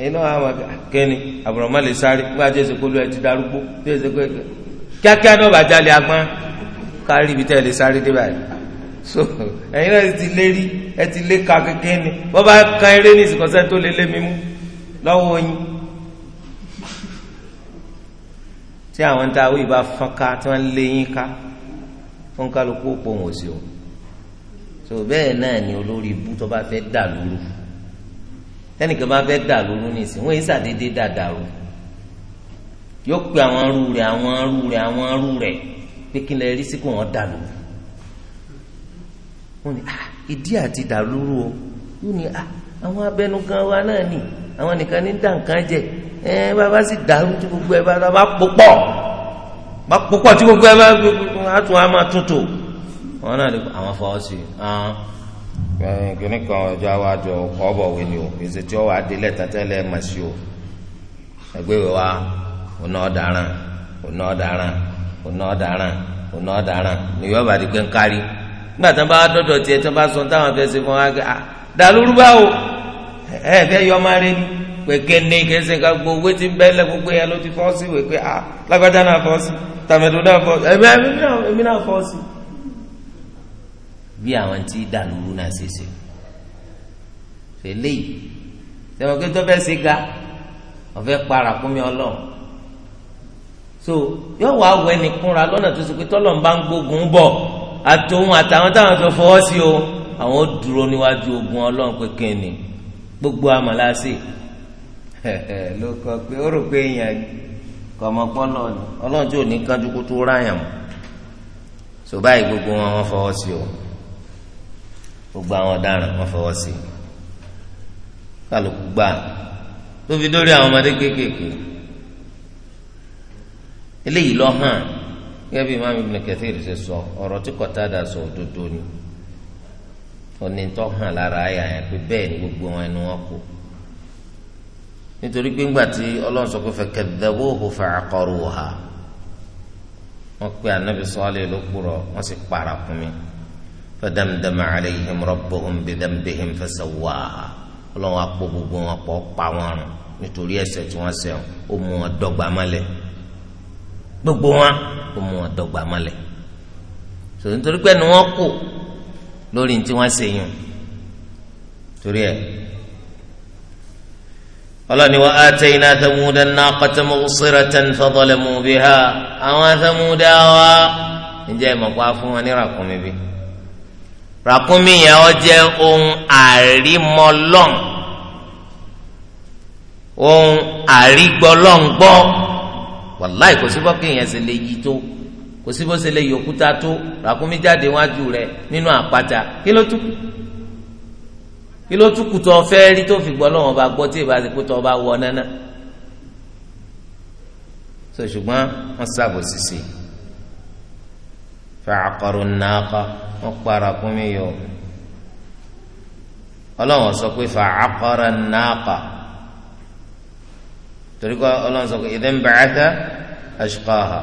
A: ẹ̀yin náà àwọn akẹ́ni àbùrọ̀mọ́ lè sáré nígbà tí èsèkó lu ẹ ti darúgbó tí èsèkó ẹ kíákíá náà bàjá lè agbọ́n kárí ibi tẹ́ ẹ lè sáré dé báyìí so ẹ̀yin náà ti lé rí ẹ ti lé ka kékeré ni wọ́n bá kan eré ní ìsìnkọ́sẹ́ tó lé lé mímú lọ́wọ́ yín. tí àwọn táwọn ìbá fọ́nká tí wọ́n lé yín ká fọ́nká ló kó pòun òsì òun so bẹ́ẹ̀ náà ni olórí ibú tó bá fẹ́ dà lóru tẹnìkan bá fẹ́ dà lóru nìsín wọ́n yìí sàdédé dà dàrú yóò pe àwọn arú rẹ̀ àwọn arú rẹ̀ àwọn arú rẹ̀ pé kí n lè rí sí kó wọ́n dà lóru wọ́n ní ah ìdí àti dà lóru o wọ́n ní ah àwọn abẹnugan wa náà nì àwọn nìkan ní dànkan jẹ ẹ bàbá sì dàrú tí gbogbo ẹ bá pọ̀ bá pọ̀ tí gbogbo ẹ bá gbogbo àtúnwá tuntun wọn náà lè kó àwọn fọwọ́ sí i. kìnnì kan ọjọ́ àwájọ ọ̀bọ̀ wẹ̀ ni o èsì tí ó wà á délẹ̀ tẹ́tẹ́lẹ̀ mà sí o ẹgbẹ́ wa ọ̀nà ọ̀daràn ọ̀nà ọ̀daràn ọ̀nà ọ̀daràn ọ̀nà ọ̀daràn ni yọ̀ọ́ bá di pé ń kárí nígbà tí wọ́n bá dọ́dọ̀ tiẹ̀ tí wọ́n bá sọ táwọn fẹ́ fún wa dàlúrú báwo ẹ fẹ́ yọ ọmọ rẹ ni pèké ní kẹsẹ ká gbó owó tí ń bẹ lẹ gbogbo yẹn ló ti fọ́ sí wèé pé ah lágbájá náà fọ́ sí tàmẹ̀dù náà fọ́ sí ẹ̀mí bí àwọn tí dàlúrú náà ṣe ṣe eléyìí sẹ́wọ̀n kí tó fẹ́ ṣe ga ọ̀fẹ́ para kún mi ọlọ́ so yóò wá wọ ẹni kúnra lọ́nà tó ṣe pé tọ́lọ̀ ń bá ń gbógun bọ̀ àtòun àtàwọn táwọn tó fọwọ́ sí o àwọn ó dúró níwájú ogun ọlọ́run pé kéènì gbogbo àmàlàsì ló kọ pé ó rò pé èèyàn kọ̀mọ̀pọ̀n náà ni ọlọ́run tí ò ní kánjú kó tó ráyàn mọ́ so báyìí gbogbo wọn wọ́n fọwọ́ sí o. gbogbo àwọn ọ̀daràn wọn fọwọ́ sí i kálukú gbà tó fi dórí àwọn ọmọdé kéékèèké eléyìí lọ hàn gẹ́gẹ́ bí ṣe sọ ọ̀rọ̀ tí sọ òdodo ni onítọ̀ hàn lára àyà yẹn pé bẹ́ẹ̀ ni gbogbo wọn ẹnu wọn kù nítorí pé ńgbà tí ọlọ́run sọ pé wọ́n pe sọ́ọ́lì ló kúrọ̀ wọ́n sì فدمدم عليهم ربهم بذنبهم فسواها ọlọ́run apò gbogbo wọn pọ̀ pa wọn rùn nítorí ẹ̀ṣẹ̀ tí wọ́n ṣẹ̀ ó mú wọn dọ́gba mọ́lẹ̀ gbogbo wọn ó mú wọn dọ́gba mọ́lẹ̀ sọ nítorí pé ẹnu wọn kù lórí tí wọ́n ṣe yùn torí ẹ̀ ọlọ́ni wa atayna thamuda naqata mubsiratan fadalamu biha àwọn thamuda wa ǹjẹ́ ìmọ̀pá fún wọn ní ràkúnmí bíi. Rakumi yẹn ó jẹ́ ohun àrímọlọ́n ohun àrígbọlọ́ngbọ́ wàláì kò sí bọ́kì yẹn ṣe lè yí tó kò sí bó ṣe lè yòkúta tó ràkúnmí jáde wájú rẹ nínú àpáta kí ló tún kí ló tún kùtọ fẹ́ rí tó fi gbọ́ lọ́wọ́ bá gbọ́ tí ìbá ti kú tọ́ wọ nánà so ṣùgbọ́n wọ́n sábò sísè fàcàkọrò nàákà wọn kpara kúmi yọ ọlọ́wọ́n sọ pé fàcàkọrò nàákà torí kọ́ ọlọ́wọ́n sọ pé ìdẹ́n bàcàtà àṣùkàhà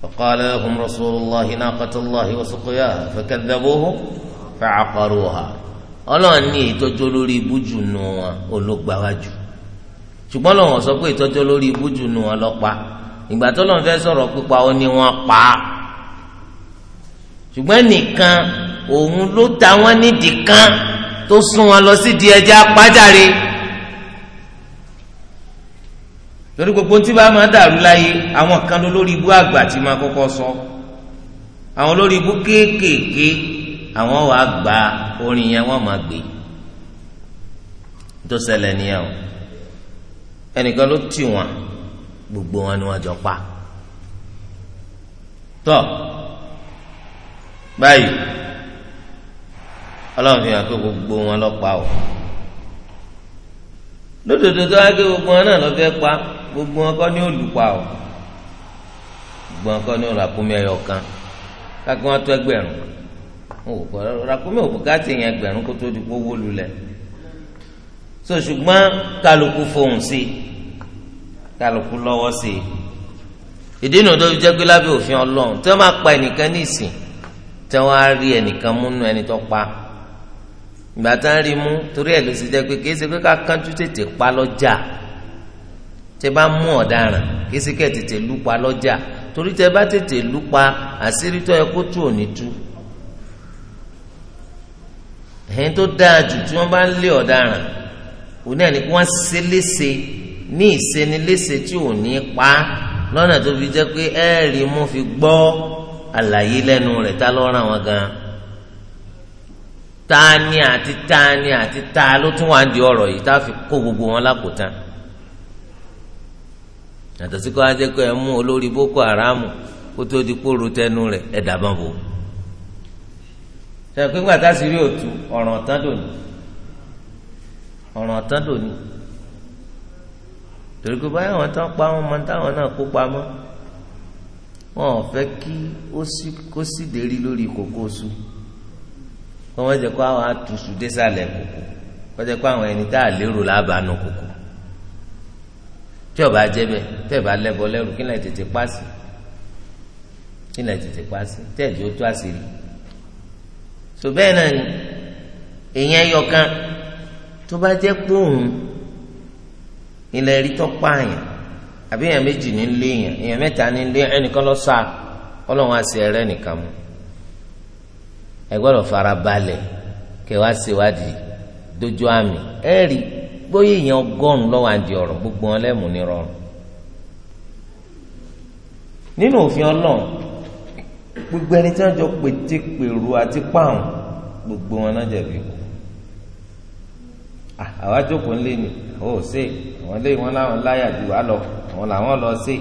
A: فقال لهم رسول الله ناقة الله وسقياها فكذبوه فعقروها ọlọ́run ní ìtọ́jú lórí ibújù nù wọn olùgbàwájú ṣùgbọ́n lọ́wọ́ sọ pé ìtọ́jú lórí ibújù nù wọn lọ́pàá ìgbà tó lọ́n fẹ́ sọ̀rọ̀ pípa ó ní wọ́n pa á ṣùgbọ́n nìkan òun ló ta wọ́n nídìí kan tó sún wọn lọ sí di ẹja pàjáre lórí gbogbo tí bá máa dàrú láyé àwọn kan ló lórí ibú àgbà tí máa kọ́kọ́ sọ àwọn lórí ibú kéékèèké àwọn wàá gba orin yẹn wọ́n máa gbé tó ṣẹlẹ̀ nìyẹn o ẹnìkan ló tì wọ́n gbogbo wọn ni wọ́n jọ pa tọ báyìí Ọlọ́run fi hàn pé gbogbo wọn lọ pa ọ lódodo tó wáá gé gbogbo wọn náà lọ fẹ́ pa gbogbo wọn kọ́ ni ó lù pa ọ gbogbo wọn kọ́ ni ó ẹyọ kan kákí wọn tó ẹgbẹ̀rún ràkúnmí òbúkátì yẹn ẹgbẹ̀rún kó tó di kó wó lulẹ̀ so ṣùgbọ́n kálukú fohùn sí i kálukú lọ́wọ́ sí i ìdí nu tó fi jẹ́ pé lábẹ́ òfin ọlọ́run tí wọ́n máa pa ẹnìkan ní ìsìn tí wọ́n á rí ẹnìkan múnú ẹni tó pa ìgbà tá ń rí mú torí ẹ̀ ló sì jẹ́ pé kìí ṣe pé ká kánjú tètè pa lọ́jà tẹ́ bá mú ọ̀daràn kìí ṣe kẹ́ tètè lù pa lọ́jà torí tẹ́ bá tètè lù pa àṣírí tó yẹ kó tú òní tú ẹ̀yìn tó dáa jù tí wọ́n bá ń lé ọ̀daràn òun náà ni wọ́n ṣe léṣe ní ìsenilése tí ò ní pa lọ́nà tó fi jẹ́ pé ẹ̀ẹ́rì mú fi gbọ́ àlàyé lẹ́nu rẹ̀ tá lọ́ ràn wọ́n gan tani àti tani àti ta ló tún wà ń di ọ̀rọ̀ yìí tá fi kó gbogbo wọn lákòótán yàtọ̀ sí kó ajẹ́ kó ẹ mú olórí boko haram kó tó di kó ro tẹnu rẹ̀ ẹ̀ dàbọ̀n bò ṣe pé ńgbà tá rí òtún ọ̀ràn ọ̀tán dòní ọ̀ràn ọ̀tán dòní torí pé báyọ̀ wọn tán pa wọn mọ táwọn náà kó pamọ́ wọn ò fẹ́ kí ó sì dérí lórí kókó su kọ́ wọ́n jẹ́ kó àwọn atùsù désàlẹ̀ kókó kọ́ jẹ́ kó àwọn ẹni tá a lérò lábàánú kókó tí ọba jẹ́ bẹ́ẹ̀ tẹ́ ẹ̀ bá lẹ́bọ lẹ́rù kí lẹ́ẹ̀ tètè pàṣẹ kí lẹ́ẹ̀ tètè pàṣẹ tẹ́ ẹ̀ tí ó tó àṣírí so bẹ́ẹ̀ náà ni èèyàn ẹyọ kan tó bá jẹ́ pé òun ilẹ̀ rí tọ́ pààyàn àbí èèyàn méjì ní lé èèyàn èèyàn mẹ́ta ní lé ẹnìkan lọ sá ọlọ́run á ṣe ẹrẹ́ nìkan mu ẹ gbọ́dọ̀ fara balẹ̀ kẹ wá ṣèwádìí dojú àmì ẹ rí bóyá èèyàn ọgọ́rùn-ún lọ́wọ́ àdì ọ̀rọ̀ gbogbo wọn lẹ́mù ní rọrùn nínú òfin ọlọ́run gbogbo ẹni tí wọ́n jọ pété pèrò àti páàrùn gbogbo wọn náà jẹ̀bi àwa jókòó ńlẹ́ ó ṣe é. àwọn lé wọn láwọn láyà ju wa lọ àwọn làwọn lọ sí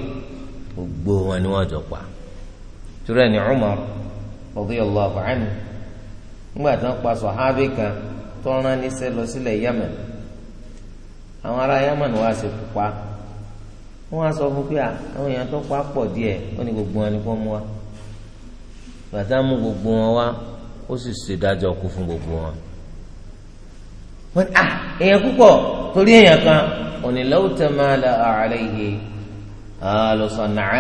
A: gbogbo wọn ni wọn jọ pa turẹ ni Umar radiyallahu anhu ńgbà tí wọn pa kan níṣẹ́ lọ sílẹ̀ Yemen àwọn ará Yemen wá sí pa wọn sọ fún pé àwọn èèyàn tó pa pọ̀ díẹ̀ wọn ni gbogbo wọn ni wa mú gbogbo wọn wá ó sì ṣèdájọ́ kú fún gbogbo wọn. wọn ni ah èèyàn púpọ̀ torí èèyàn kan òní lọ́wọ́tẹ́ máa la àárẹ̀ yìí alùsọ̀nàá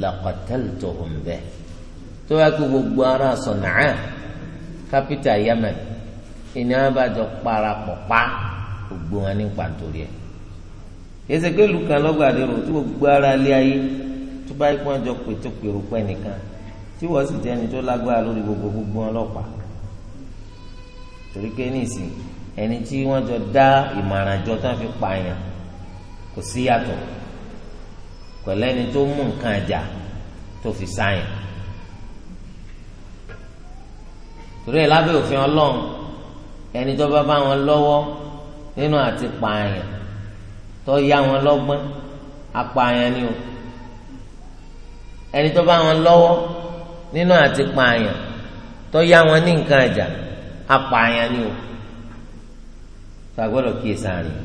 A: làkọ̀tẹ́lùtòhùn bẹ́ẹ̀ tó bá kó gbogbo ara sọ̀nàá kápítà Yemen ìní wọn bá jọ parapọ̀ pa gbogbo wọn ní pàtórí ẹ̀ èsì pé lùkàn lọ́gbàdérò tí gbogbo ara lé ayé tó bá yẹ wọn jọ pètè pèrò nìkan tí wọ́n sì jẹ́ ẹni tó lágbára lórí gbogbo gbogbo wọn torí pé nísìn ẹni tí wọ́n jọ dá ìmọ̀ràn jọ tán fi pààyàn kò sí yàtọ̀ pẹ̀lú ẹni tó mú nǹkan àjà tó fi sáyàn torí ẹ̀ lábẹ́ òfin ọlọ́run ẹni tó bá bá wọn lọ́wọ́ nínú àti pààyàn tó yá wọn lọ́gbọ́n apààyàn ni o ẹni tó bá wọn lọ́wọ́ nínú àti pààyàn tó yá wọn ní nǹkan àjà apààyàn ni o sàgbọ́dọ̀ kíyè sáàrin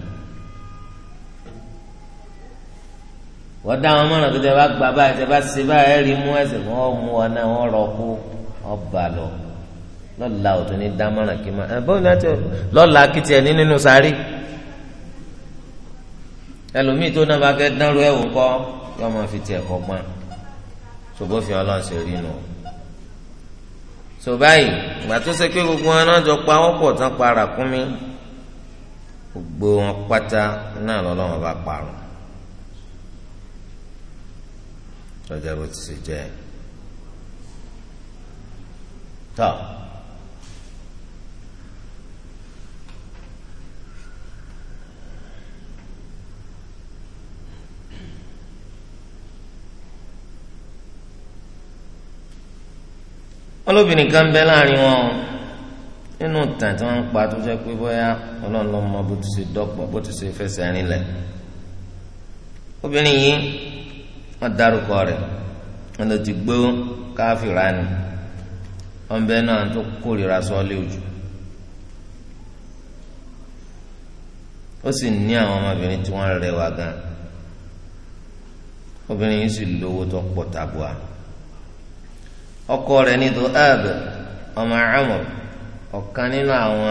A: wọ́n dá wọn mọ́ràn tó tẹ bá gbà báyìí tẹ bá ṣe báyìí ẹ̀rí mú ẹsẹ̀ wọ́n mú ọ náà wọ́n rọ kú ọba lọ lọ́la ò tún ní dá mọ́ràn kí máa bọ́ọ̀ náà tẹ lọ́la kìtì ẹ̀ ní nínú sáré ẹlòmíì tó náà bá kẹ́ dánrú ẹ̀wò ńkọ́ yọ ọmọ fi tiẹ̀ kọ́ gbọ́n ṣògbófin ọlọ́run ṣe rí nù. No so báyìí ìgbà tó ṣe pé gbogbo wọn náà jọ pa wọn pọ̀ tán pa ràkúnmí gbogbo wọn pátá náà lọ́lọ́wọ́n bá parun lọ́jà bó ti ṣe jẹ́ tọ́. olóbìnrin kan bẹ láàrin wọn nínú tàn tí wọn ń pa tó jẹ pé bóyá Ọlọ́run ló mọ bó ti ṣe dọ́pọ̀ bó ti ṣe fẹsẹ̀ rinlẹ̀ obìnrin yìí wọn dárúkọ wọn lọ ti gbó káfíra ni wọn bẹ náà tó kórìíra sọlé ojú ó sì ní àwọn ọmọbìnrin tí wọn rẹwà gan obìnrin yìí sì lówó tó ọkọ rẹ ní Du'ab ọmọ Amr ọkan nínú àwọn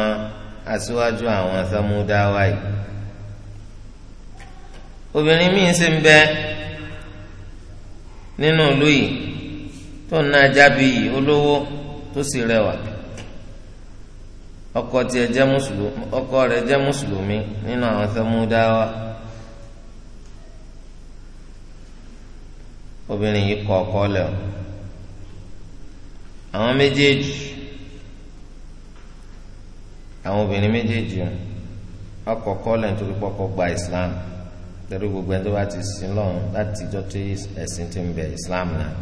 A: aṣíwájú àwọn Samudawa yìí obìnrin míì sì ń bẹ nínú ìlú yìí tó ń náà jábì yìí olówó tó sì rẹwà ọkọ mùsùlùmí ọkọ rẹ jẹ mùsùlùmí nínú àwọn obìnrin yìí o. àwọn méjèèjì àwọn obìnrin méjèèjì ọkọ̀ọ̀kọ́ lẹ́yìn tó rí pọ́pọ́ gba islam torí gbogbo ẹni tó bá ti sin lọ́run láti ìjọ tó ẹ̀sìn ti ń bẹ islam náà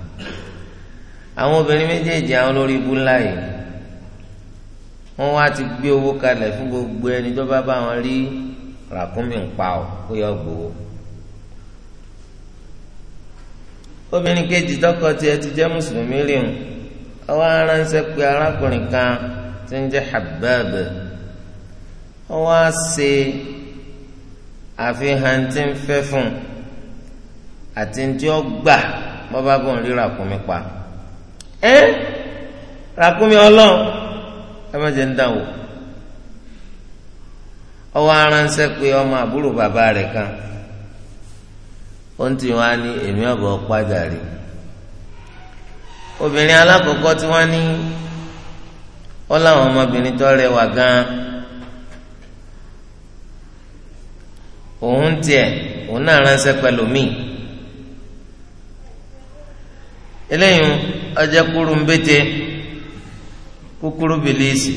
A: àwọn obìnrin méjèèjì àwọn olórí ibú ńlá yìí wọ́n wá ti gbé owó kalẹ̀ fún gbogbo ẹni tó bá bá wọn rí ràkúnmí ń pa ọ́ ó yọ gbowó. obìnrin kejì tọkọ tiẹ̀ ti jẹ́ mùsùlùmí rí òun ọwọ aránsẹ́ pé arákùnrin kan ti ń jẹ́ Habbab ọwọ á àfihàn tí ń fẹ́ fún àti tí ó gbà bọ́bá bò ń rí pa ẹ́ ràkúnmí ọlọ́run ẹ má jẹ́ ń dàn pé ọmọ àbúrò bàbá kan ó ń tì obìnrin alákọ̀ọ́kọ́ tí wọ́n ní ó láwọn ọmọbìnrin tó rẹwà gan-an òun tiẹ̀ òun náà ránṣẹ́ pẹ̀lú míì eléyìí ọjọ́ kúrú ń bété kúkúrú bìlíìsì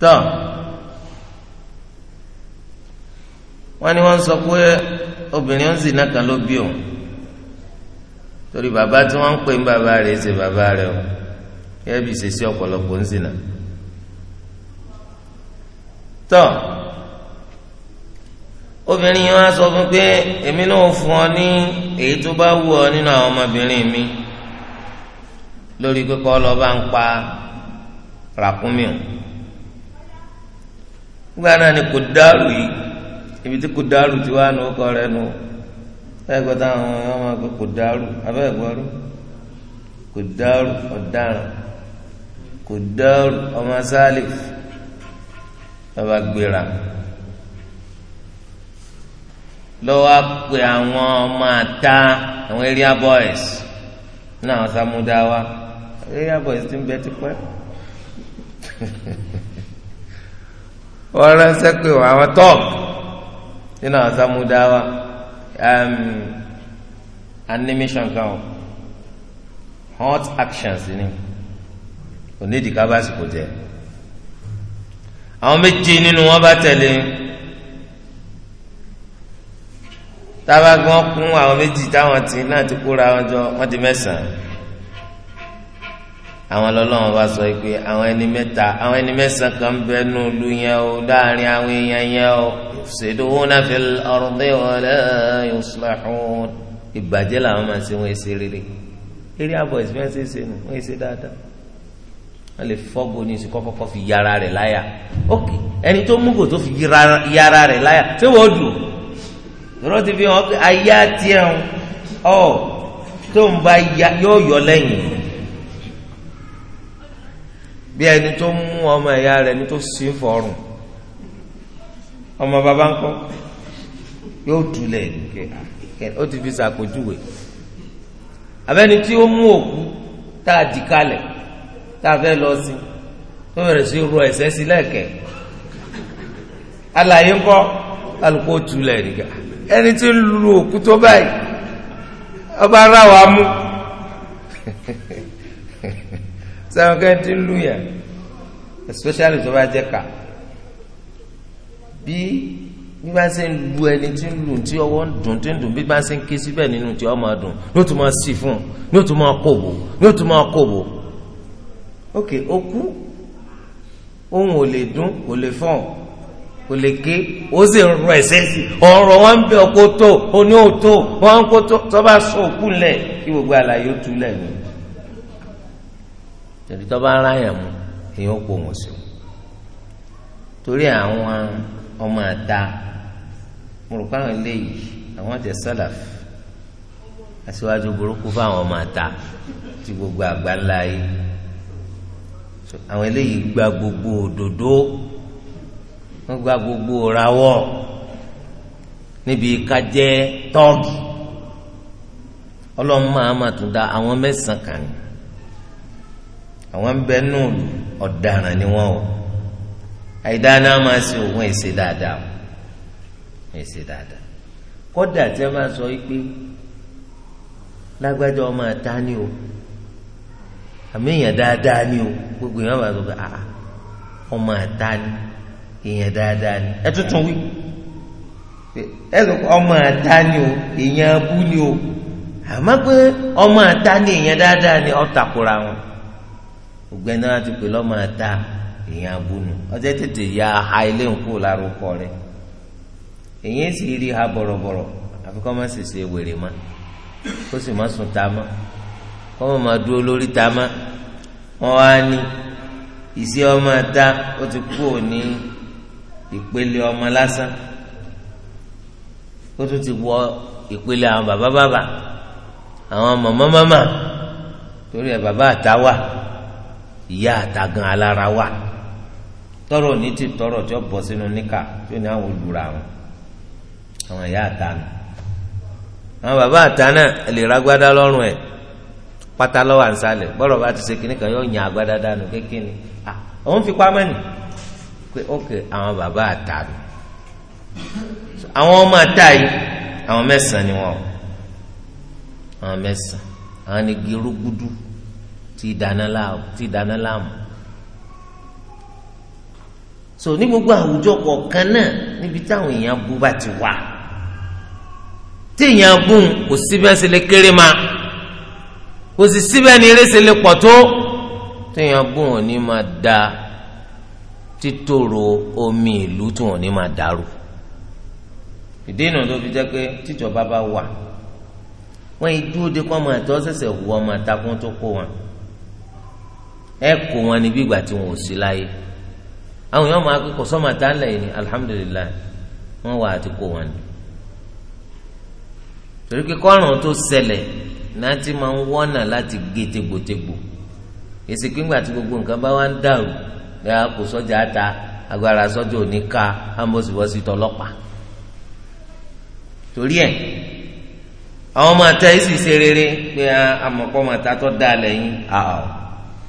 A: tọ́ wọ́n ní wọ́n sọ pé obìnrin ń zìnnà kan ló bí òun. torí bàbá tí wọ́n ń pè ń bàbá rẹ̀ ṣe bàbá rẹ̀ o yẹ bí ṣe sí ọ̀pọ̀lọpọ̀ ń sìnà. tọ́ obìnrin yìí wá sọ fún pé èmi náà fún ọ ní èyí tó bá wù ọ nínú àwọn ọmọbìnrin mi lórí pé kọ́ lọ́ọ́ bá ń pa ràkúnmí o gbogbo àná ni kò dárò yìí ibi tí kò dárò tí wàá nù ọkọ rẹ nù. No ẹgbẹ́ táwọn ọmọ ọmọ kò dárú abẹ́ẹ̀gbọ́rú kò dárú ọ̀daràn kò dárú ọmọ sálif bàbá gbéra lọ́wọ́ pé àwọn ọmọ àta àwọn area boys náà àwọn sàmúdáwá area boys ti ń bẹ tipẹ́ wọ́n ránṣẹ́ pé àwọn tọ́ọ̀pù nínú àwọn sàmúdáwá. Um, animation kan o hot actions ni onídìí ká bá sì kò jẹ àwọn méjì nínú wọn bá tẹ̀lé tábàgán kún àwọn méjì táwọn tì náà ti kóra wọn jọ wọn di mẹ́sàn-án àwọn lọ́lọ́run bá sọ pé àwọn ẹni mẹ́ta àwọn ẹni mẹ́sàn kan bẹ́ẹ̀ nù lu yẹn o láàrin àwọn èèyàn yẹn o yufsiduna fil ardi wala yuslihun ìbàjẹ́ làwọn máa ṣe wọ́n ṣe rere eré àbọ̀ ìsìnkú ẹ̀ṣẹ̀ ṣe nù wọ́n ṣe dáadáa wọ́n lè fọ́gbó ní ìsìnkú kọ́kọ́ fi yára rẹ̀ láyà ok ẹni tó mú kò tó fi yára rẹ̀ láyà ṣé wọ́n dùn lọ́rọ́ tó ń bá yọ lẹ́yìn bí ẹni tó mú ọmọ ẹ̀yà rẹ̀ ni tó sì ń fọrùn ọmọ bàbá ńkọ́ yóò dulẹ̀ kẹ ó ti fi ṣàpèjúwe abẹ́ni tí ó mú òkú tá a dì kalẹ̀ tá a fẹ́ lọ sí tó bẹ̀rẹ̀ sí ro ẹ̀sẹ̀ sí lẹ́kẹ̀ẹ́ alàyé ńkọ́ alùpùpù tulẹ̀ nìkan ẹni tí ń lu òkú tó báyìí ọba ara wa mú sẹ́wọ̀n kẹ́ntì lùyà especially tó bá jẹ́ ká bí bí bá ṣe ń lu ẹni tí ń lu tí ọwọ́ ń dùn tí ń dùn bí bá ṣe ń ké síbẹ̀ nínú tí ọmọ dùn ní o tún máa sì fún un ní o tún máa kó bò ní o tún máa kó bò ok okú ohun ò lè dún ò lè fọ́n kò lè ké ó sì ń rọ ẹsẹ̀ sí ọ̀rọ̀ wọn bẹ ọkọ tó oní òtó wọn kó tó tó bá sọ òkú lẹ̀ kí gbogbo àlàyé ó tu lẹ̀ tẹ̀lé tó bá ara yàn mú èèyàn kò wọ́n sí torí àwọn ọmọ àta mo rò pé àwọn eléyìí àwọn àti sálàf aṣíwájú burúkú fáwọn ọmọ àta ti gbogbo yìí àwọn eléyìí gba gbogbo òdòdó gba gbogbo rawọ́ níbi ká jẹ́ tọ́ọ̀gì ọlọ́run ma da àwọn àwọn ń bẹ nù ọ̀daràn ni wọ́n o àìdáná máa ṣe òun èsè dáadáa o èsè dáadáa kódà tí ẹ bá sọ pé lágbájá ọmọ àta ni o àmì èèyàn dáadáa ni o gbogbo èèyàn bá sọ pé àà ah, ah, ọmọ àta ni èèyàn dáadáa ni ẹ tuntun wí ẹ sọ pé ọmọ ni o èèyàn abú ni o pé ọmọ ni èèyàn ni ọ̀ takora wọn. ògbẹ́ a ti pè lọ́mọ ẹ̀ta èèyàn abúnu ọjọ́ tètè ya aha ilé ńkú lárúkọ rẹ èèyàn sì rí ha bọ̀rọ̀bọ̀rọ̀ àfi kọ́ sì ṣe wèrè má kó sì má sùn ta ma ma du olori dúró lórí ta má ni á ní ìṣe ọmọ ẹ̀ta ó ti kú òní ìpele ọmọ lásán ó tún ti wọ ìpele àwọn bàbá ìyá àtàgàn alára wa tọrọ ní ti tọrọ tí ó bọ sínú níkà tí ó ní àwọn olùra wọn àwọn ìyá àtànà àwọn bàbá àtànà lè ra agbádá lọ́rùn ẹ̀ pátá lọ́wọ́ ànsálẹ̀ bọ́rọ̀ bá ti ṣe kínní kan yóò dànù kékeré à òun fi pamẹ́ nì pé ókè àwọn bàbá àwọn ọmọ àtà ni àwọn án àwọn ni gerugudu. tí dana láàmú so ní gbogbo àwùjọ kọ̀ọ̀kan náà níbi táwọn èèyàn bú bá ti wà tí èèyàn bú kò síbẹ̀ ṣe lè kéré ma kò sì síbẹ̀ ní eré ṣe lè pọ̀ tó tí èèyàn bú wọn ní máa da títòrò omi ìlú tí wọn ní máa dàrú ìdí ìnà tó fi jẹ́ pé tíjọba bá wà wọ́n yìí dúró de kó ọmọ ẹ̀tọ́ ṣẹ̀ṣẹ̀ wù ọmọ ẹ̀ta kó tó kó wọn. ẹ kó wọn ní bí ìgbà tí wọn ò sí láyé àwọn èèyàn máa kó sọ́mà dálẹ̀ yìí alihamudulilayi wọ́n wà àti kó wọn ní. torí pé kọ́rùn tó náà ti máa ń wọ́nà láti gé tegbòtegbò èsì gbogbo nǹkan bá wá ń dàrú ẹ kó sọ́jà ta agbára sọ́jà ò ní ká torí ẹ̀ àwọn ọmọ àtẹ yìí sì ṣe rere pé